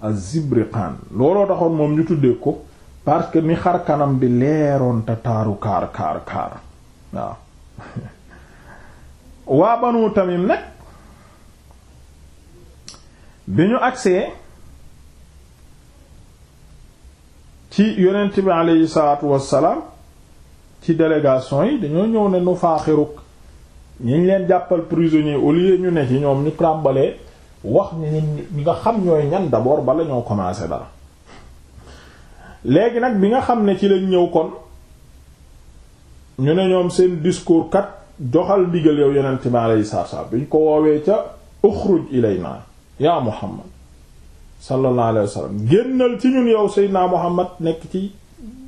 ak zibriqaan looloo taxoon moom ñu tuddee ko parce que ni xar bi leeroon te taaru kaar kaar kaar waaw waa banu tamim nag bi ñu agsee ci yonent bi aleyhi salaatu wassalaam ci délégation yi dañoo ñëw ne nu faaxiruk ñi ñu leen jàppal prisonnier au lieu ñu ne ci ñoom ñu tàmbalee wax ñi nga xam ñooy ñan d'abord bala ñoo commencé dara léegi nag bi nga xam ne ci lañ ñëw kon ñu ne ñoom seen discours kat joxal ndigal yow yonent mi alayhi salaam bi ñu ko woowee ca uxruj ilayna yaa muhammad sallallahu alayhi wa sallam génnal ci ñun yow seydinaa muhammad nekk ci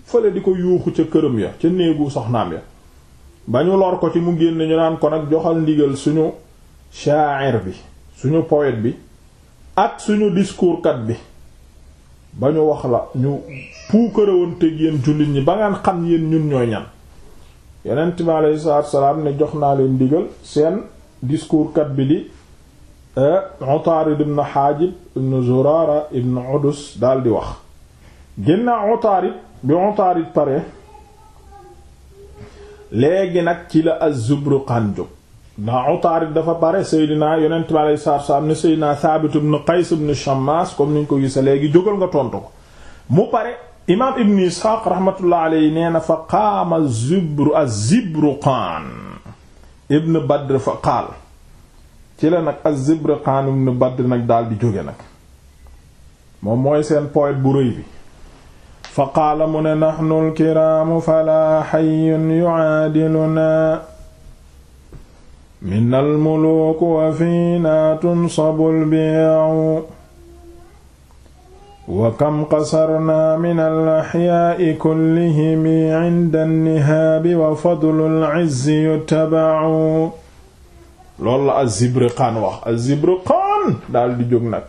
fële di ko yuuxu ca këram ya ca néegu soxnaam ya ba ñu lor ko ci mu génn ñu naan ko nag joxal ndigal suñu sha'ir bi suñu poète bi ak suñu discours kat bi ba ñu wax la ñu puukarewanteeg yéen jullit ñi ba ngeen xam yéen ñun ñooy ñan yonent bi aleyhi ne jox naa leen ndigal seen discours kat bi di eh, Utaarid ibn Haajib ibn Zuraara ibn Udus daal wax ginnaaw Utaarid bi Utaarid pare léegi nag ci la Az-Zubruqaan jóg ndax Utaarid dafa pare Seydina yonent bi alayhi salaatu wa salaam ne Seydina Saabit ibn Qays ibn Shammaas comme ni ñu ko gisa léegi jógal nga tontu ko mu pare imaam Ibn Isxaaq rahmatullah alayhi nee na fa qaama Az-Zubru Az-Zubruqaan ibn fa qaal ci la nag Az-Zubruqaan ibn Badr nag daal di jóge nag moom mooy seen poète bu rëy bi fa qaala mu ne naxnu alkiraamu falaa xayyun yucaadilunaa min almuluuku wa fiinaa tunsabu lbiyaacu wa kam qasarnaa min alaxyaa'i kullihim cinda annihaabi wa fadlu alcizzi yuttabacu loolu la Azzibriqaan wax Azzibriqaan daal di jóg nag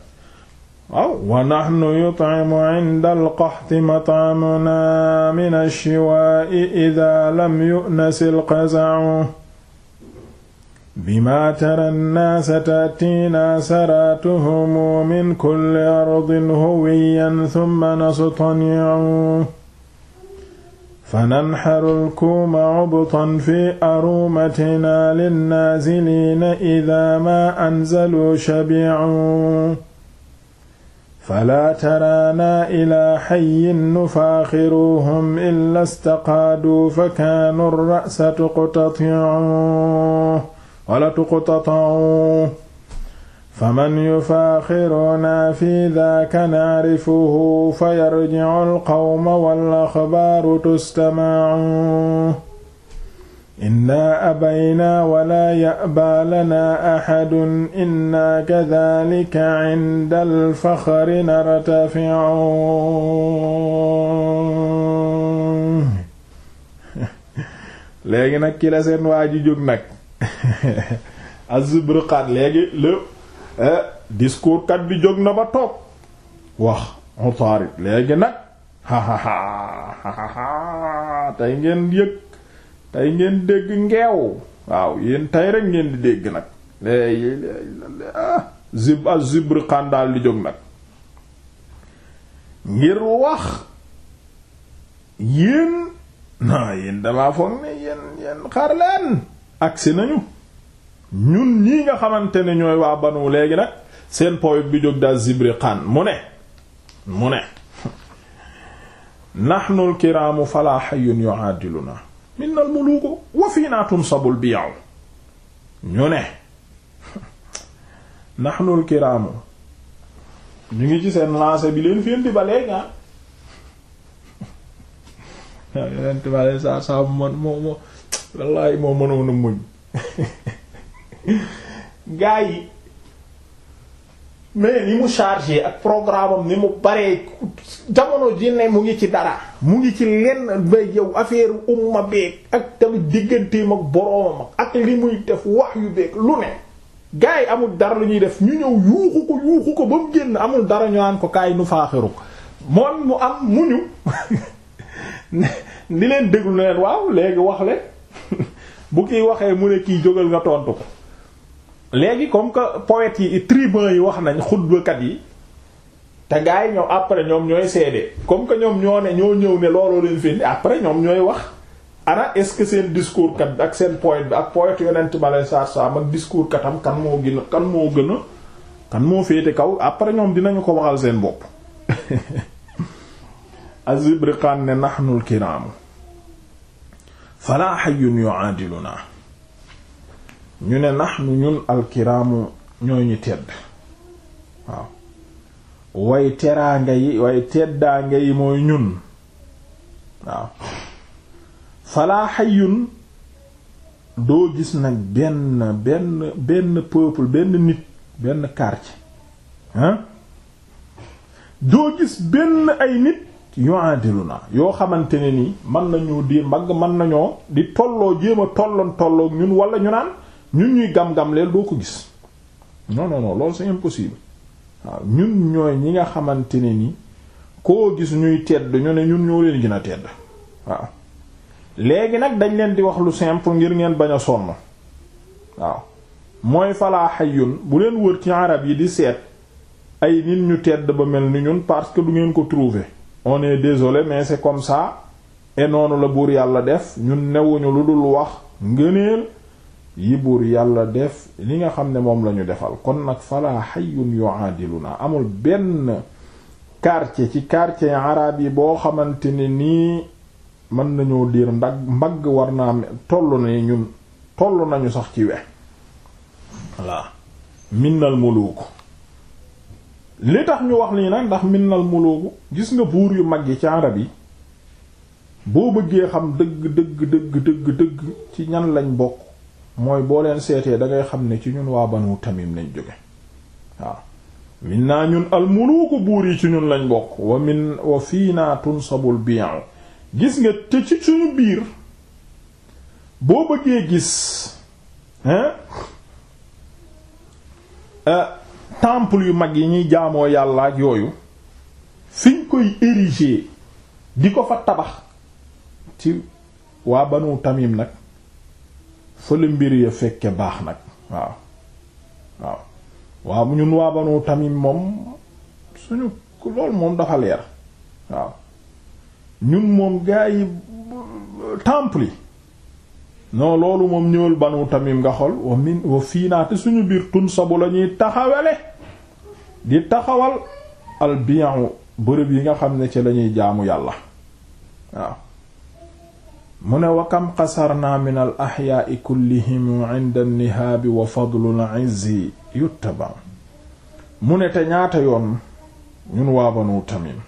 waaw wa naxnu yut'imu 'inda al-qahti mat'amuna min ash-shiwaa'i idha lam yu'nas al-qaza'u bima tara an-naasa ta'tiina saratuhum min kulli ardin huwiyyan thumma nastani'u fananharu al-kuuma 'ubtan fi arumatina lin-naaziliina idha ma anzalu shabi'u falaa taraanaa ilaa xayin nufaaxiruhum illa staqaaduu fa kaanu ra'sa tuqtatahu wala tuqtatahu faman yufaaxirunaa fi daaka naarifuhu fa yarjicu alqawma wal axbaaru tustamacu inna abaynaa walaa ya'baa lanaa axadun inna kadaalika inda alfaxri nartafi'uun léegi nag ki la seen waa ji jóg nag az-Zibriqaan léegi le eh, discours kat bi jóg na ba toog wax Utarid léegi nag ha ha ha ha ha tey ngeen yëg. tey ngeen dégg ngeew waaw yéen tey rek ngeen di dégg nag eh, ah, zib ak ah, zibr xàndaal di jóg nag ngir wax yéen na damaa foog ne yéen yéen leen agsi nañu ñun ñi nga xamante ne ñooy waa banu léegi nag seen poète bi jóg daal zibri xaan mu ne mu ne nahnu al kiraamu falaa hayyun yu'aadiluna minnal muluuku wa fiinaa tunsabul bi'u ñu ne naxnul kiraamu ñu ngi ci seen lancé bi leen fien di ba leega ah. waaw yeneen tibaale saa saa moo moo wallaay moo mënoon muñ gaa yi mais ni mu chargé ak programme am ni mu baree jamono ji ne mu ngi ci dara mu ngi ci lenn bay yow affaire umma beeg ak tamit digganteem ak boroomam ak li muy def wax yu beeg lu ne gars yi amul dara lu ñuy def ñu ñëw yuuxu ko yuuxu ko ba mu génn amul dara ñu naan ko kaay nu faaxiru moom mu am muñu ni leen déglu ne leen waaw léegi wax le bu kiy waxee mu ne kii jógal nga tontu ko léegi comme que poètes yi tribuns yi wax nañ xutbakat yi te gaa yi ñoom après ñoom ñooy seede comme que ñoom ñoo ne ñoo ñëw ne looloo leen fi après ñoom ñooy wax ana est-ce que seen discours kat ak seen poète ak poète yonent ba lay saar saam ak discours katam kan moo gën kan moo gën a kan moo féete kaw après ñoom dinañu ko waxal seen bopp azibriqaan ne naxnul kiraamu falaa hayyun yu'aadiluna ñu ne nahnu ñun alkiraamu ñoo ñu tedd waaw way teraanga yi way teddaanga yi mooy ñun waaw falaa xayyun doo gis nag benn benn benn peuple benn nit benn quartier hein doo gis benn ay nit yuadilu na yoo xamante ne nii mën nañu di mbagg mën nañoo di tolloo jéem a tolloon tolloog ñun wala ñu naan ñun ñuy gam-gamleel doo ko gis non non non loolu impossible waaw ñun ñooy ñi nga xamante ne ni koo gis ñuy tedd ñu ne ñun ñoo leen gën a tedd waaw léegi nag dañ leen di wax lu simple ngir ngeen bañ a sonn waaw mooy falaa xayyun bu leen wër ci arab yi di seet ay nit ñu tedd ba mel ni ñun parce que du ngeen ko trouver on est désolé mais c'est comme ça et noonu la buur yàlla def ñun newuñu lu dul wax ngëneel yi buur yàlla def li nga xam ne moom lañu ñu defal kon nag fala xayun na amul benn quartier ci quartier arab yi boo xamante ne nii mën nañoo diir ndag mbagg war naa toll na ñun toll nañu sax ci we voilà minnal muluuku li tax ñu wax lii nag ndax minnal muluuku gis nga buur yu mag yi ci arab yi boo bëggee xam dëgg dëgg dëgg dëgg ci ñan lañ bokk mooy boo leen seetee dangay xam ne ci ñun waa ban wu tamim lañ jóge waaw min naa ñun almuluuku buur yi ci ñun lañ bokk wa min wa fii naa tunsabul bi'u gis nga te ci suñu biir boo bëggee gis hein euh, temple yu mag yi ñuy jaamoo yàlla ak yooyu fiñ koy ériger di ko fa tabax ci waa banu tamim nag fële mbir ya fekke baax nag waaw waaw waaw ñun waa Banu Tamim moom suñu loolu moom dafa leer waaw ñun moom gaa yi temple non loolu moom ñëwal Banu Tamim nga xol wa min wa fii naate suñu biir tun sabu la ñuy taxawale di taxawal albiyahu bërëb yi nga xam ne ci lañuy jaamu yàlla waaw mu ne wa kam qasarnaa min al axyaai kullihim inda nihaabi wa fadlul izzi yuttaba mu ne te ñaata yoon ñun waa Banu Tamim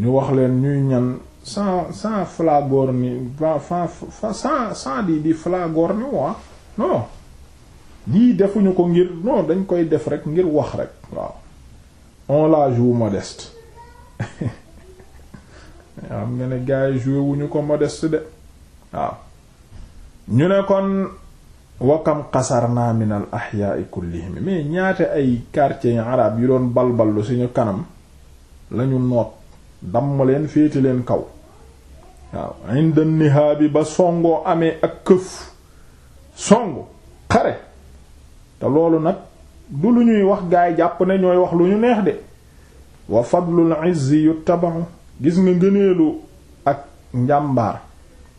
ñu wax leen ñuy ñan sans sans flagorni sans sans di di flagorni waa non lii defuñu ko ngir non dañ koy def rek ngir wax rek waaw on la joue modeste am nga ne gaay joué wuñu ko modeste de waaw ñu ne kon wakam xasarna min al ahyaa'i kullihim mais ñaate ay quartiers yu arab yu doon balballu suñu kanam lañu noot damm leen féete leen kaw waaw inda nihaabi ba songoo amee ak këf songu xare te loolu nag du lu ñuy wax gaay jàpp ne ñooy wax lu ñu neex de wa fadlul yu yuttabahu gis nga ngëneelu ak njàmbaar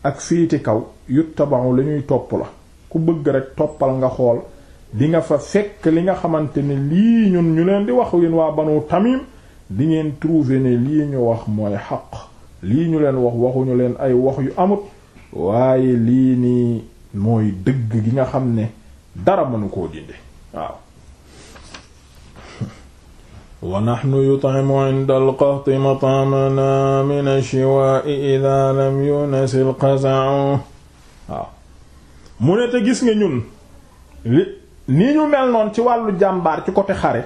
ak féeti kaw yuttabaxu li ñuy topp la ku bëgg rekk toppal nga xool di nga fa fekk li nga xamante ni lii ñun ñu leen di wax yéen waa banu tamim dingeen ngeen trouver lii ñu wax mooy xaq lii ñu leen wax waxuñu leen ay wax yu amut waaye lii nii mooy dëgg gi nga xam ne dara mënu koo dindi waaw wa naxnu yutcimu cinda alqahti mataamanaa min ashiwaai ida lam yunasi lqasacu waaw mu te gis nga ñun li nii ñu mel noonu ci wàllu jàmbaar ci côté xare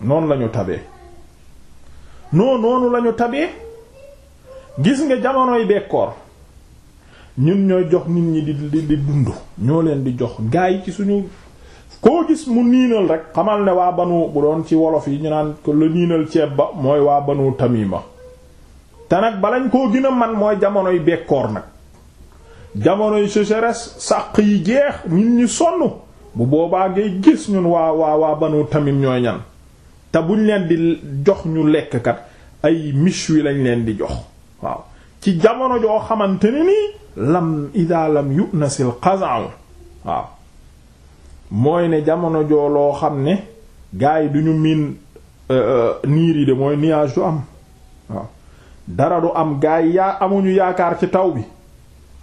noonu lañu tabee non noonu lañu tabee gis nga jamonoy bekkoor ñun ñooy jox nit ñi di di dund ñoo leen di jox gaay ci suñu koo gis mu niinal rek xamal ne waa banu bu doon ci wolof yi ñu naan ko la niinal ceeb ba mooy waa banu tamima te nag balañ koo gën man mooy jamono jamonoy bekkoor nag jamono yu sécheresse sàq yi jeex nit ñi sonn bu boobaa ngay gis ñun waa waa waa banu tamim ñooy ñan te buñ leen di jox ñu lekk kat ay miche wi lañ leen di jox waaw ci jamono joo xamante ne nii lam ida yu yunasil qaza'u waaw mooy ne jamono joo loo xam ne gars yi du ñu miin euh, euh, niir yi de mooy nuage du am waaw dara du am gars yi yaa amuñu yaakaar ci taw bi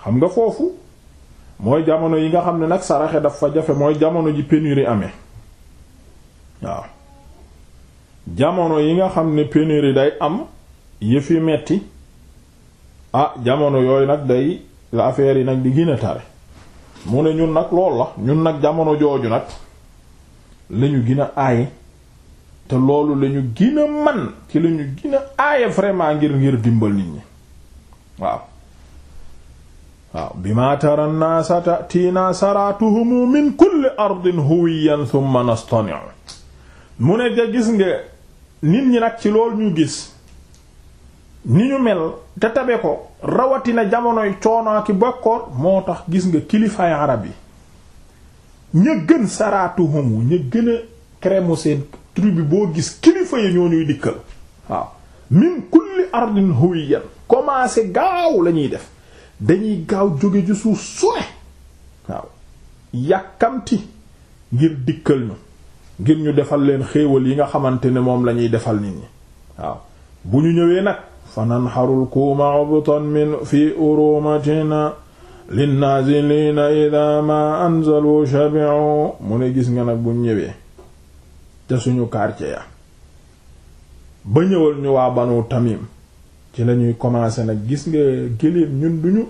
xam nga foofu mooy jamono yi nga xam ne nag saraxe dafa jafe mooy jamono ji pénurie ame waaw jamono yi nga xam ne pénurie day am yëf fi metti ah jamono yooyu nag day la yi nag di gën a tare mu ne ñun nag lool la ñun nag jamono jooju nag lañu gina a aaye te loolu lañu gën a man ci lañu gën a aaye vraiment ngir ngir dimbal nit ñi waaw waaw bi ma tara naasa ta'tiina saratuhum min kulli ardin huwiyan thumma nastani'u mu ne ja gis nga nit ñi nag ci loolu ñu gis ni ñu mel te tabe ko rawatina jamonoy coonaa ki bokkoor moo tax gis nga kilifaay arab yi ña gën saratuhumu ña gën a crème seen tribu boo gis kilifa yi ñoo ñuy dikkal waaw min kulli ardin huwiyan commencé gaaw lañuy def dañuy gaaw jóge ju suuf su waaw yàkkamti ngir dikkal ñu ngir ñu defal leen xéewal yi nga xamante ne moom lañuy defal nit ñi waaw bu ñu ñëwee nag fananxarul kuuma ubtan min fi urumatina linnaaziliina ida ma anzalu shabiu mu ne gis nga nag buñ ñëwee te suñu quartier ya ba ñëwal ñu waa banu tamim ci lañuy commencer nag gis nga géléem ñun duñu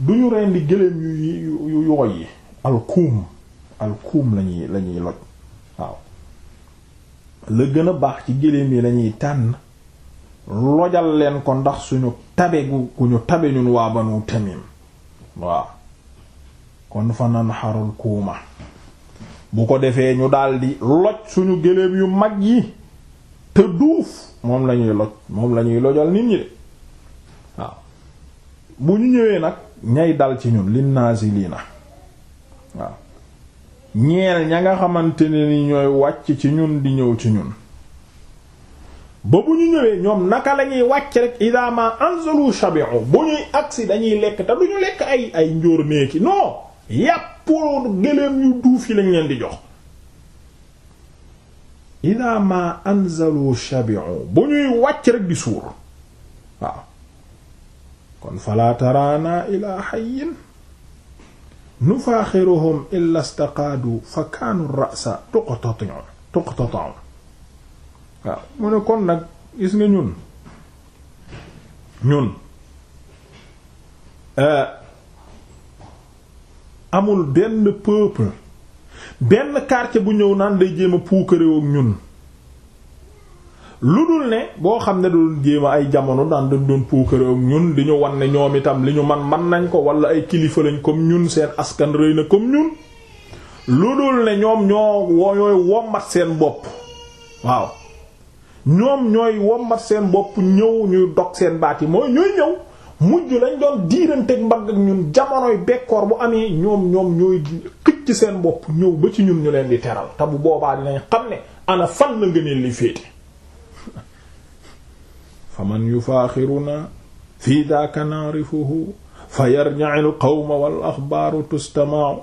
duñu rendi géléem yu yooy yi alkuum alkuum lañuy lañuy loj waaw la gën a baax ci géléem yi lañuy tànn lojal leen ko ndax suñu tabe gu ku ñu tabe ñun waa banu tamim waaw kon fa nan xarul kuuma bu ko defee ñu daldi loj suñu gëléem yu mag yi te moom lañuy loj moom lañuy lojal nit ñi de waaw bu ñu ñëwee nag ñay dal ci ñun lin naaziliina waaw ñeel ña nga xamante ne ni ñooy wàcc ci ñun di ñëw ci ñun ba bu ñu ñëwee ñoom naka lañuy ñuy wàcc rek ida ma anzalu shabi'u bu ñuy agsi dañuy lekk te du ñu lekk ay ay njóor néeki non yàppoo gëléem yu duuf yi lañ leen di jox ida ma anzalu shabi'u bu ñuy wàcc rek di suur waaw kon fala taraana ila hayyin nufaaxiruhum illa istaqaadu fa kaanu ra'sa tuqtatu tuqtatu waaw mu ne kon nag gis nga ñun ñun euh, amul benn peuple benn quartier bu ñëw naan day jéem a puukaréew ak ñun lu dul ne boo xam ne doon jéem ay jamono daan dañ doon puukaréew ak ñun di ñu wan ñoom itam li ñu man man nañ ko wala ay kilifa lañ comme ñun seen askan rëy na comme ñun lu dul ne ñoom ñoo wooyooy wommat seen bopp waaw ñoom ñooy wommat seen boppu ñëw ñuy dog seen baat yi mooy ñooy ñëw mujj lañ doon diiranteeg mbagg ak ñun jamonoy bekkoor bu amee ñoom ñoom ñooy xicc seen bopp ñëw ba ci ñun ñu leen di teral te bu boobaa dinañ xam ne ana fan la ngëneel li féete fa man yufaaxiruna fii daaka naarifuhu fa yarja'u wal axbaaru tustamaa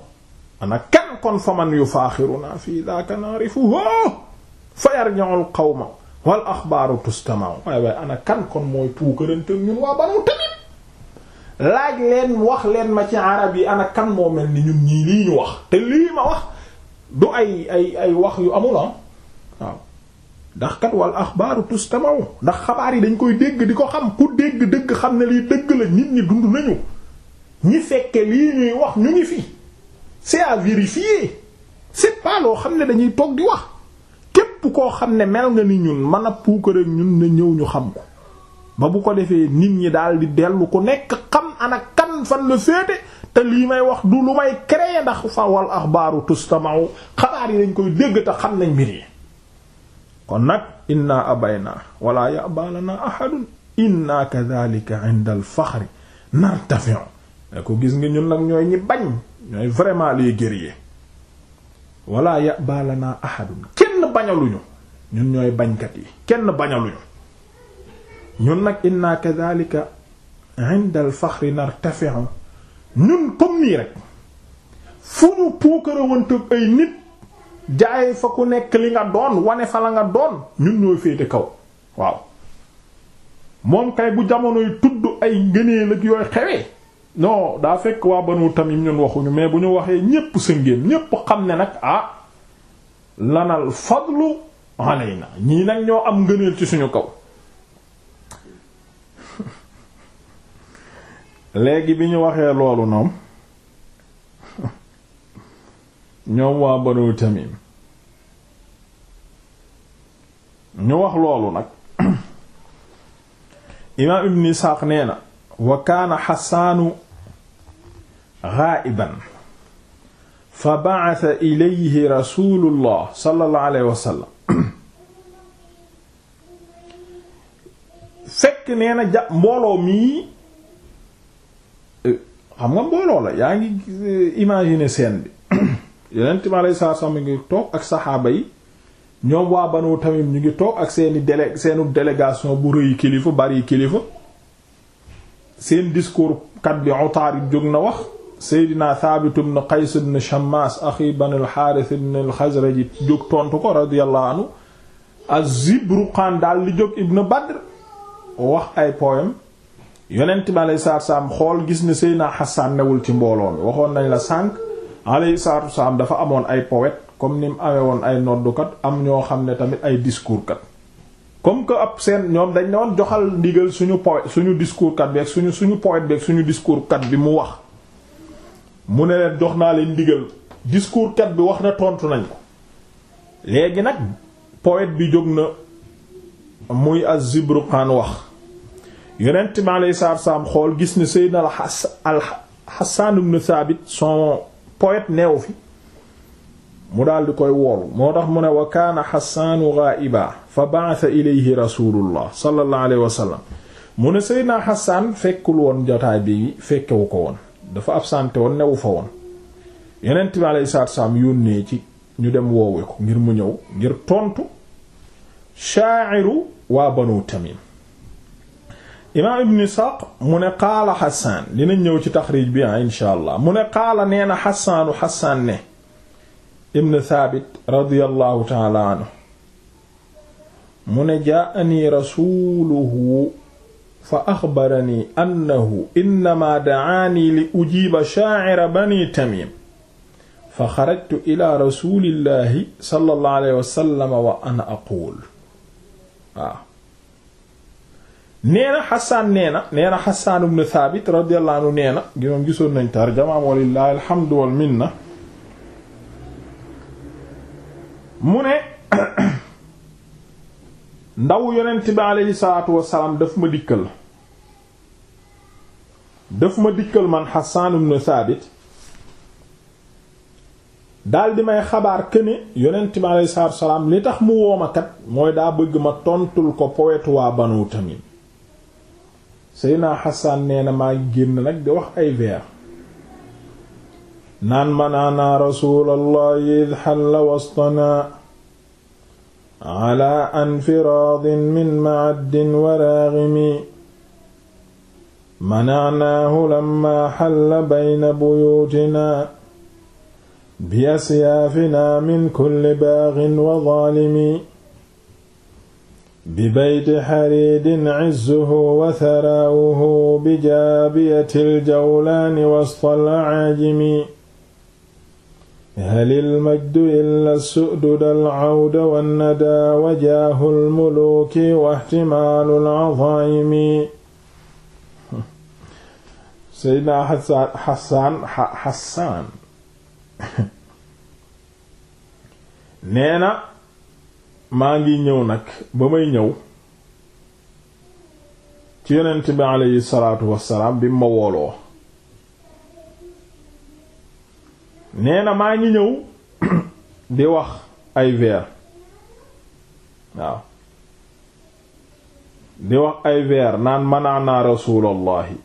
ana kon fa man yufaaxiruna fii daaka naarifuhu fa yarja'u qawma wal axbaaru tustamaw waaye waaye ana kan kon mooy puukarante ñun waa banu tamit laaj leen wax leen ma ci arab yi ana kan moo mel ni ñun ñii lii ñu wax te lii ma wax du ay ay ay wax yu amul am ah. waaw ndax kat wal axbaaru tustamaw ndax xabaar yi dañ koy dégg di ko xam ku dégg dëgg xam ne lii dëgg la nit ñi dund nañu ñi fekke lii ñuy wax ñu ngi fi c'est à vérifier c'est pas loo xam ne dañuy toog di wax képp koo xam ne mel nga ni ñun mën a puukareek ñun na ñëw ñu xam ko ba bu ko defee nit ñi daal di dellu ku nekk xam ana kan fan la séete te lii may wax du lu may créer ndax fa wal axbaaru tustama'u xabaar yi dañ koy dégg te xam nañ mbir yi kon nag inna abayna wala yabalana ahadun inna kadhalika 'inda al-fakhri nartafi'u ko gis nga ñun nag ñooy ñi bañ ñooy vraiment les guerriers wala yabalana ahadun kenn bañaluñu ñun ñooy bañkat yi kenn bañaluñu ñun nag inna kadhalika inda al faxri nartafi'u ñun comme nii rek fu ñu puukarawantëb ay nit jaay fa ku nekk li nga doon wane fa la nga doon ñun ñooy féete kaw waaw moom kay bu jamonoy tudd ay ngëneel ak yooy xewee non daa fekk waa Banu Tamim ñun waxuñu mais bu ñu waxee ñépp sëngéen ñépp xam ne nag ah lanal fadlu alayna ñii nag ñoo am ngëneel ci suñu kaw léegi bi ñu waxee loolu ñoom ñoom waa Banu Tamim ñu wax loolu nag imaam Ibn Isaaq nee na wa kaana Xasaanu ghaa'iban fa bacata ilayhi rasulullah sallallahu alayhi wa sallam fekk nee ja mbooloo mii xam nga mbooloo la yaa ngi imaginer scène bi yeneen mi aleyi saatu salaam mi ngi toog ak saxaaba yi ñoom waa Banu Tamim ñu ngi toog ak seeni délé seenu bu rëy kilifa bari kilifa seen discours kat bi Utaarid jóg na wax seydina thabit ibn qays ibn shammas axi bani alxaaris ibn ji jóg tontu ko radiyallahu anhu az-zibruqaan daal li jóg ibn badr wax ay poème yonent bi alayhi salaatu salaam xool gis ne seydina xasaan newul ci mbooloo waxoon nañ la sànq alayhi salaatu salaam dafa amoon ay poète comme ni mu woon ay noddukat am ñoo xam ne tamit ay discours comme que ab seen ñoom dañ ne woon joxal ndigal suñu poète suñu discours kat bi ak suñu suñu poète bi ak suñu discours bi mu wax mu ne leen jox naa leen ndigal discours kat bi wax na tontu nañ ko léegi nag poète bi jóg na muy az-Zibruqaan wax yonent bi alayhi salaatu salaam xool gis ne Seydina al Hassan ibn Thabit son poète neew fi mu daldi koy woolu moo tax mu ne wa kaana Hassaanu ghaa'iban fa ba'atha ilayhi rasuulullah sallallahu alayhi wa sallam mu ne Seydina Hassan fekkul woon jotaay bi fekkewu ko woon dafa absenté woon newu fa woon yeneen bi aleyi salaatu yónnee ci ñu dem woowe ko ngir mu ñëw ngir tontu sha'iru waa banu tamim imaam ibn isxaaq mu ne qaala xasaan dina ñëw ci taxriij bi ah insha allah mu ne qaala nee na xasaanu xasaan ne ibn thaabit radiyallahu taala anhu mu ne jaa'ani rasuluhu fa axbarani annahu innama dacaani li ujiba shaacira bani tamim fa xarajtu ila rasulillahi sallallahu alayhi wa sallam wa ana aqul waaw nee na xasaan nee na nee na xasaan ibnu thaabit radiyallahu anhu nee na ginoom gisoon nañ tarjamaam walillahi alhamdu wal minna mu ne ndaw yonent bi aleyhi salaatu wasalaam daf ma dikkal daf ma dikkal man Hassan ibn Saabit daal di may xabaar këne yonent bi aleyhi salaatu wasalaam li tax mu wooma kat mooy daa bëgg ma tontul ko powetu waa Banu Tamim Seydina Hassan nee na maa ngi génn nag di wax ay veer naan man rasuulallahi idh halla wastana ala anfiraadin min macaddin waraagimi manacnaahu lamma xalla bayna buyuutina bi asyaafinaa min kulli baagin wa zaalimi bi bayti xariidin cizzuhu wa taraawuhu bi jaabiyati ljawlaani wasta alcaajimi halil majdu illa sududal awda wannadaa wajaahul muluuki wahtimaalul azaimi Seydina Hassan Hassan Hassan nee na maa ngi ñëw nag ba may ñëw ci yonent bi aleyhi salaatu wassalaam bi ma wooloo nee na maa ngi ñëw di wax ay vers waaw di wax ay vers naan manaana rasulallahi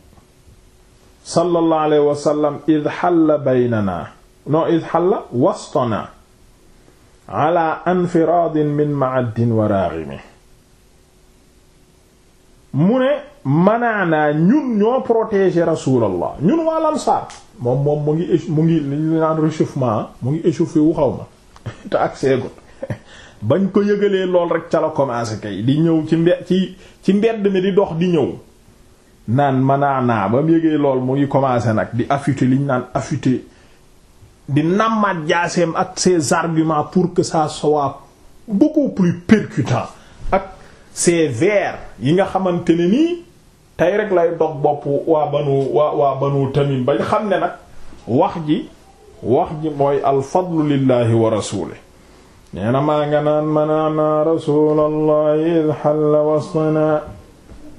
sallallahu alayhi wa sallam id xalla baynana non id xalla wastana ala infiraadin min ma'addin wa raghimi mu ne manaanaa ñun ñoo protéger rasulallah ñun waa lansaar moom moom mu ngi mu ngi li naan réchauffement mu ngi échauffé wu xaw ma te ak seegut bañ ko yëgalee lool rek ca la commencé kay di ñëw ci mbe ci ci mbedd mi di dox di ñëw naan manaanaa ba mu yëgee lool mu ngi commencé nag di affûté li ñu naan affûté di nammaat jaaseem ak ses arguments pour que ça soit beaucoup plus percutant ak ces vers yi nga xamante ne nii tey rek lay dox boppu waa banu waa waa banu tamim bañ xam ne nag wax ji wax ji mooy alfadlu lillahi wa rasuli nee na maa nga naan manaana rasulaallahi id xalla wasana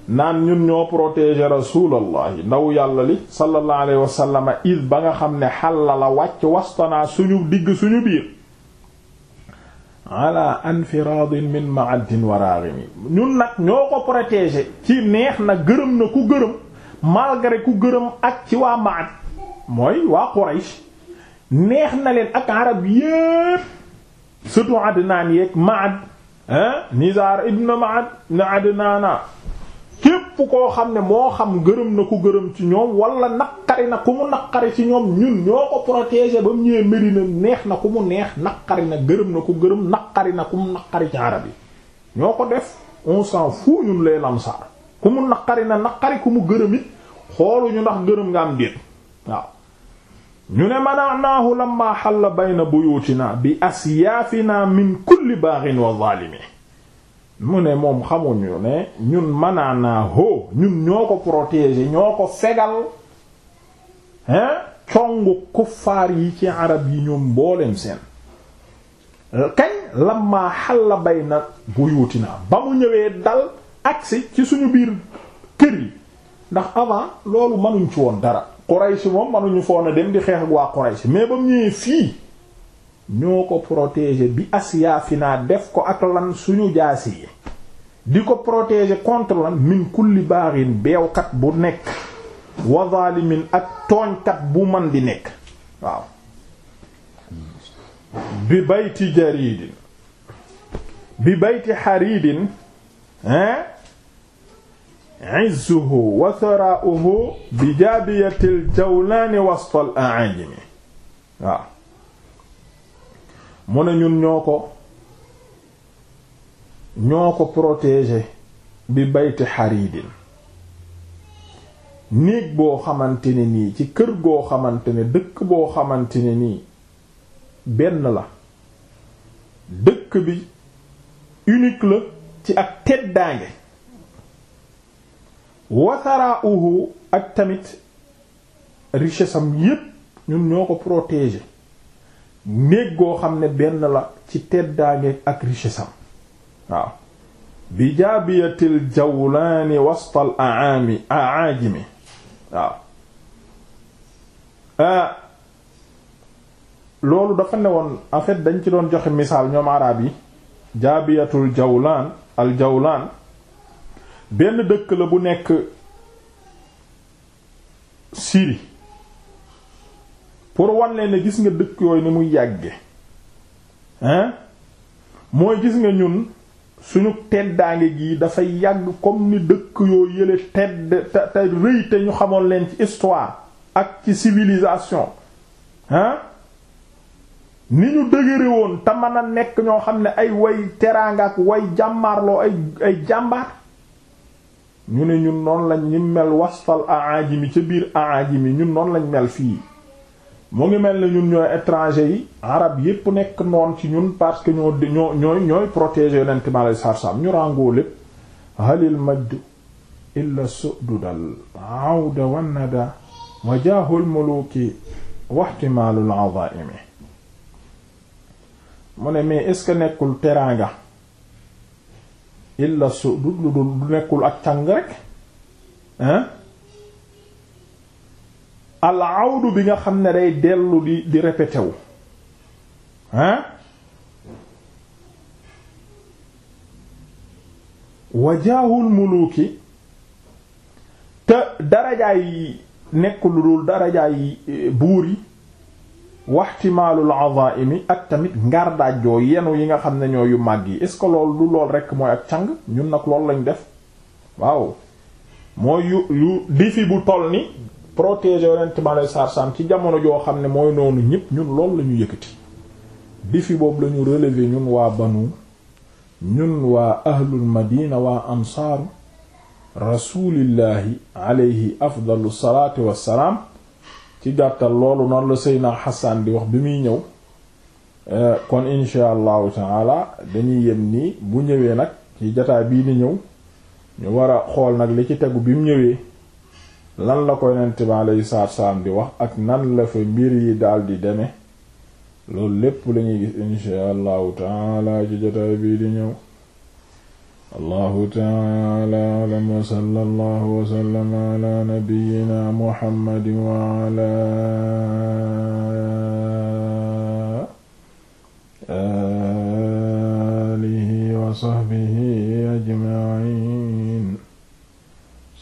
naan ñun ñoo protéger rasulaallahi ndaw yàlla li sallallahu alayhi wasallama id ba nga xam ne xalla la wàcc wastana suñu digg suñu biir ala anfiradin min ma'adin waraaximi ñun nag ñoo ko protégé ci neex na gërëm na ku gërëm malgré ku gërëm ak ci waa Ma'ad mooy waa Quraysh neex na leen ak arab yépp surtout Adnaan yeeg Ma'ad ah Nizar ibn Ma'ad na Adnaana képp koo xam ne moo xam gërëm na ku gërëm ci ñoom wala naqari na ku mu naqari ci ñoom ñun ñoo ko protéger ba mu ñëwee Medina neex na ku mu neex naqari na gërëm na ku gërëm naqari na ku mu ñoo ko def on s'en fout ñun les lamsaar ku mu naqari na naqari ku mu gërëm it xooluñu ndax gërëm nga am déet waaw ñu ne mana'nahu lamma halla bayna buyutina bi asyaafina min kulli baghin wa zalimin mu ne moom xamuñu ne ñun manaanaa hoo ñun ñoo ko protéger ñoo ko fegal hein congu kuffaar yi ci arab yi ñoom mbooleem seen kañ lamma xalla bay na bu yuuti naa ba mu ñëwee dal agsi ci suñu biir kër yi ndax avant loolu mënuñ ci woon dara Quraysh moom mënuñu foona dem di xeex ak waa Quraysh mais ba mu ñëwee fii ñoo ko protéger bi asyaafinaa def ko ak lan suñu jaasi yi di ko protéger contre min kulli baarin beewkat bu nekk wa zalimin ak tooñkat bu man di nekk waaw bi bayti jaridin bi bayti haridin hein izzuhu wa sara'uhu bi jaabiyatil jawlaani wastal a'ajmi waaw mu ne ñun ñoo ko ñoo ko protégé bi bayti xaridin néeg boo xamante ne nii ci kër goo xamante ne dëkk boo xamante ne nii benn la dëkk bi unique la ci ak teddaange wasaraa uhu ak tamit richesam am yépp ñun ñoo ko protégé néeg goo xam ne benn la ci teddaange ak richesse am waaw bi jaabiyatil jawlaani wastal aami aajimi waaw loolu dafa ne woon en fait dañ ci doon joxe misaal ñoom araab yi jaabiyatul jawlaan al jawlaan benn dëkk la bu nekk Syrie pour wan ne gis nga dëkk yooyu ni muy yàgge hein mooy gis nga ñun suñu teddaange gii dafay yàgg comme ni dëkk yoo yële tedd te te rëy te ñu xamoon leen ci histoire ak ci civilisation ni ñu dëgëre woon te mën a nekk ñoo xam ne ay way teraanga ak way jàmmaarloo ay ay jàmbaar ñu ne ñun noonu lañ ñu mel wastal aajimi ca biir aajimi ñun noonu lañ mel fii mu ngi mel na ñun ñooy étranger yi arab yépp nekk noon ci ñun parce que ñoo ñoo ñooy ñooy protéger yonent ñu ràngoo lépp halil majd illa sududal awda wannada wa muluki waxtimaalul azaimi mu ne mais est-ce que nekkul teraanga illa sudud lu du nekkul ak càng rek hein al awdu bi nga xam ne day dellu di di répété wu hein wajaahul muluuki te darajaay yi nekk lu dul darajaay yi eh, buur yi waxtimaalul azaimi ak tamit ngaar daajjoo yenu yi nga xam ne ñoo yu màgg yi est ce du lool rekk mooy ak càng ñun nag loolu lañ def waaw mooy yu yu difi bu toll ni protége yonent mi alei ci jamono joo xam ne mooy noonu ñëpp ñun loolu la ñu yëkkati défi boobu lañu ñu relever ñun waa banu ñun waa ahlul madina waa ansaaru rasulillahi alayhi afdalu salaatu salaam ci gàttal loolu noonu la Seydina Hassan di wax bi muy ñëw eh, kon insha allahu taala dañuy yem nii bu ñëwee nag ci jataay bii di ñëw ñu war a xool nag li ci tegu bi mu ñëwee lan la ko yonent bi di wax ak nan la fa mbir yi daal di deme loolu lépp la ñuy allahu taala ci jotaay bii di ñëw allahu taala alam wa sallallahu wa sallama ala nabiyyina muhammadin wa ala wa sahbihi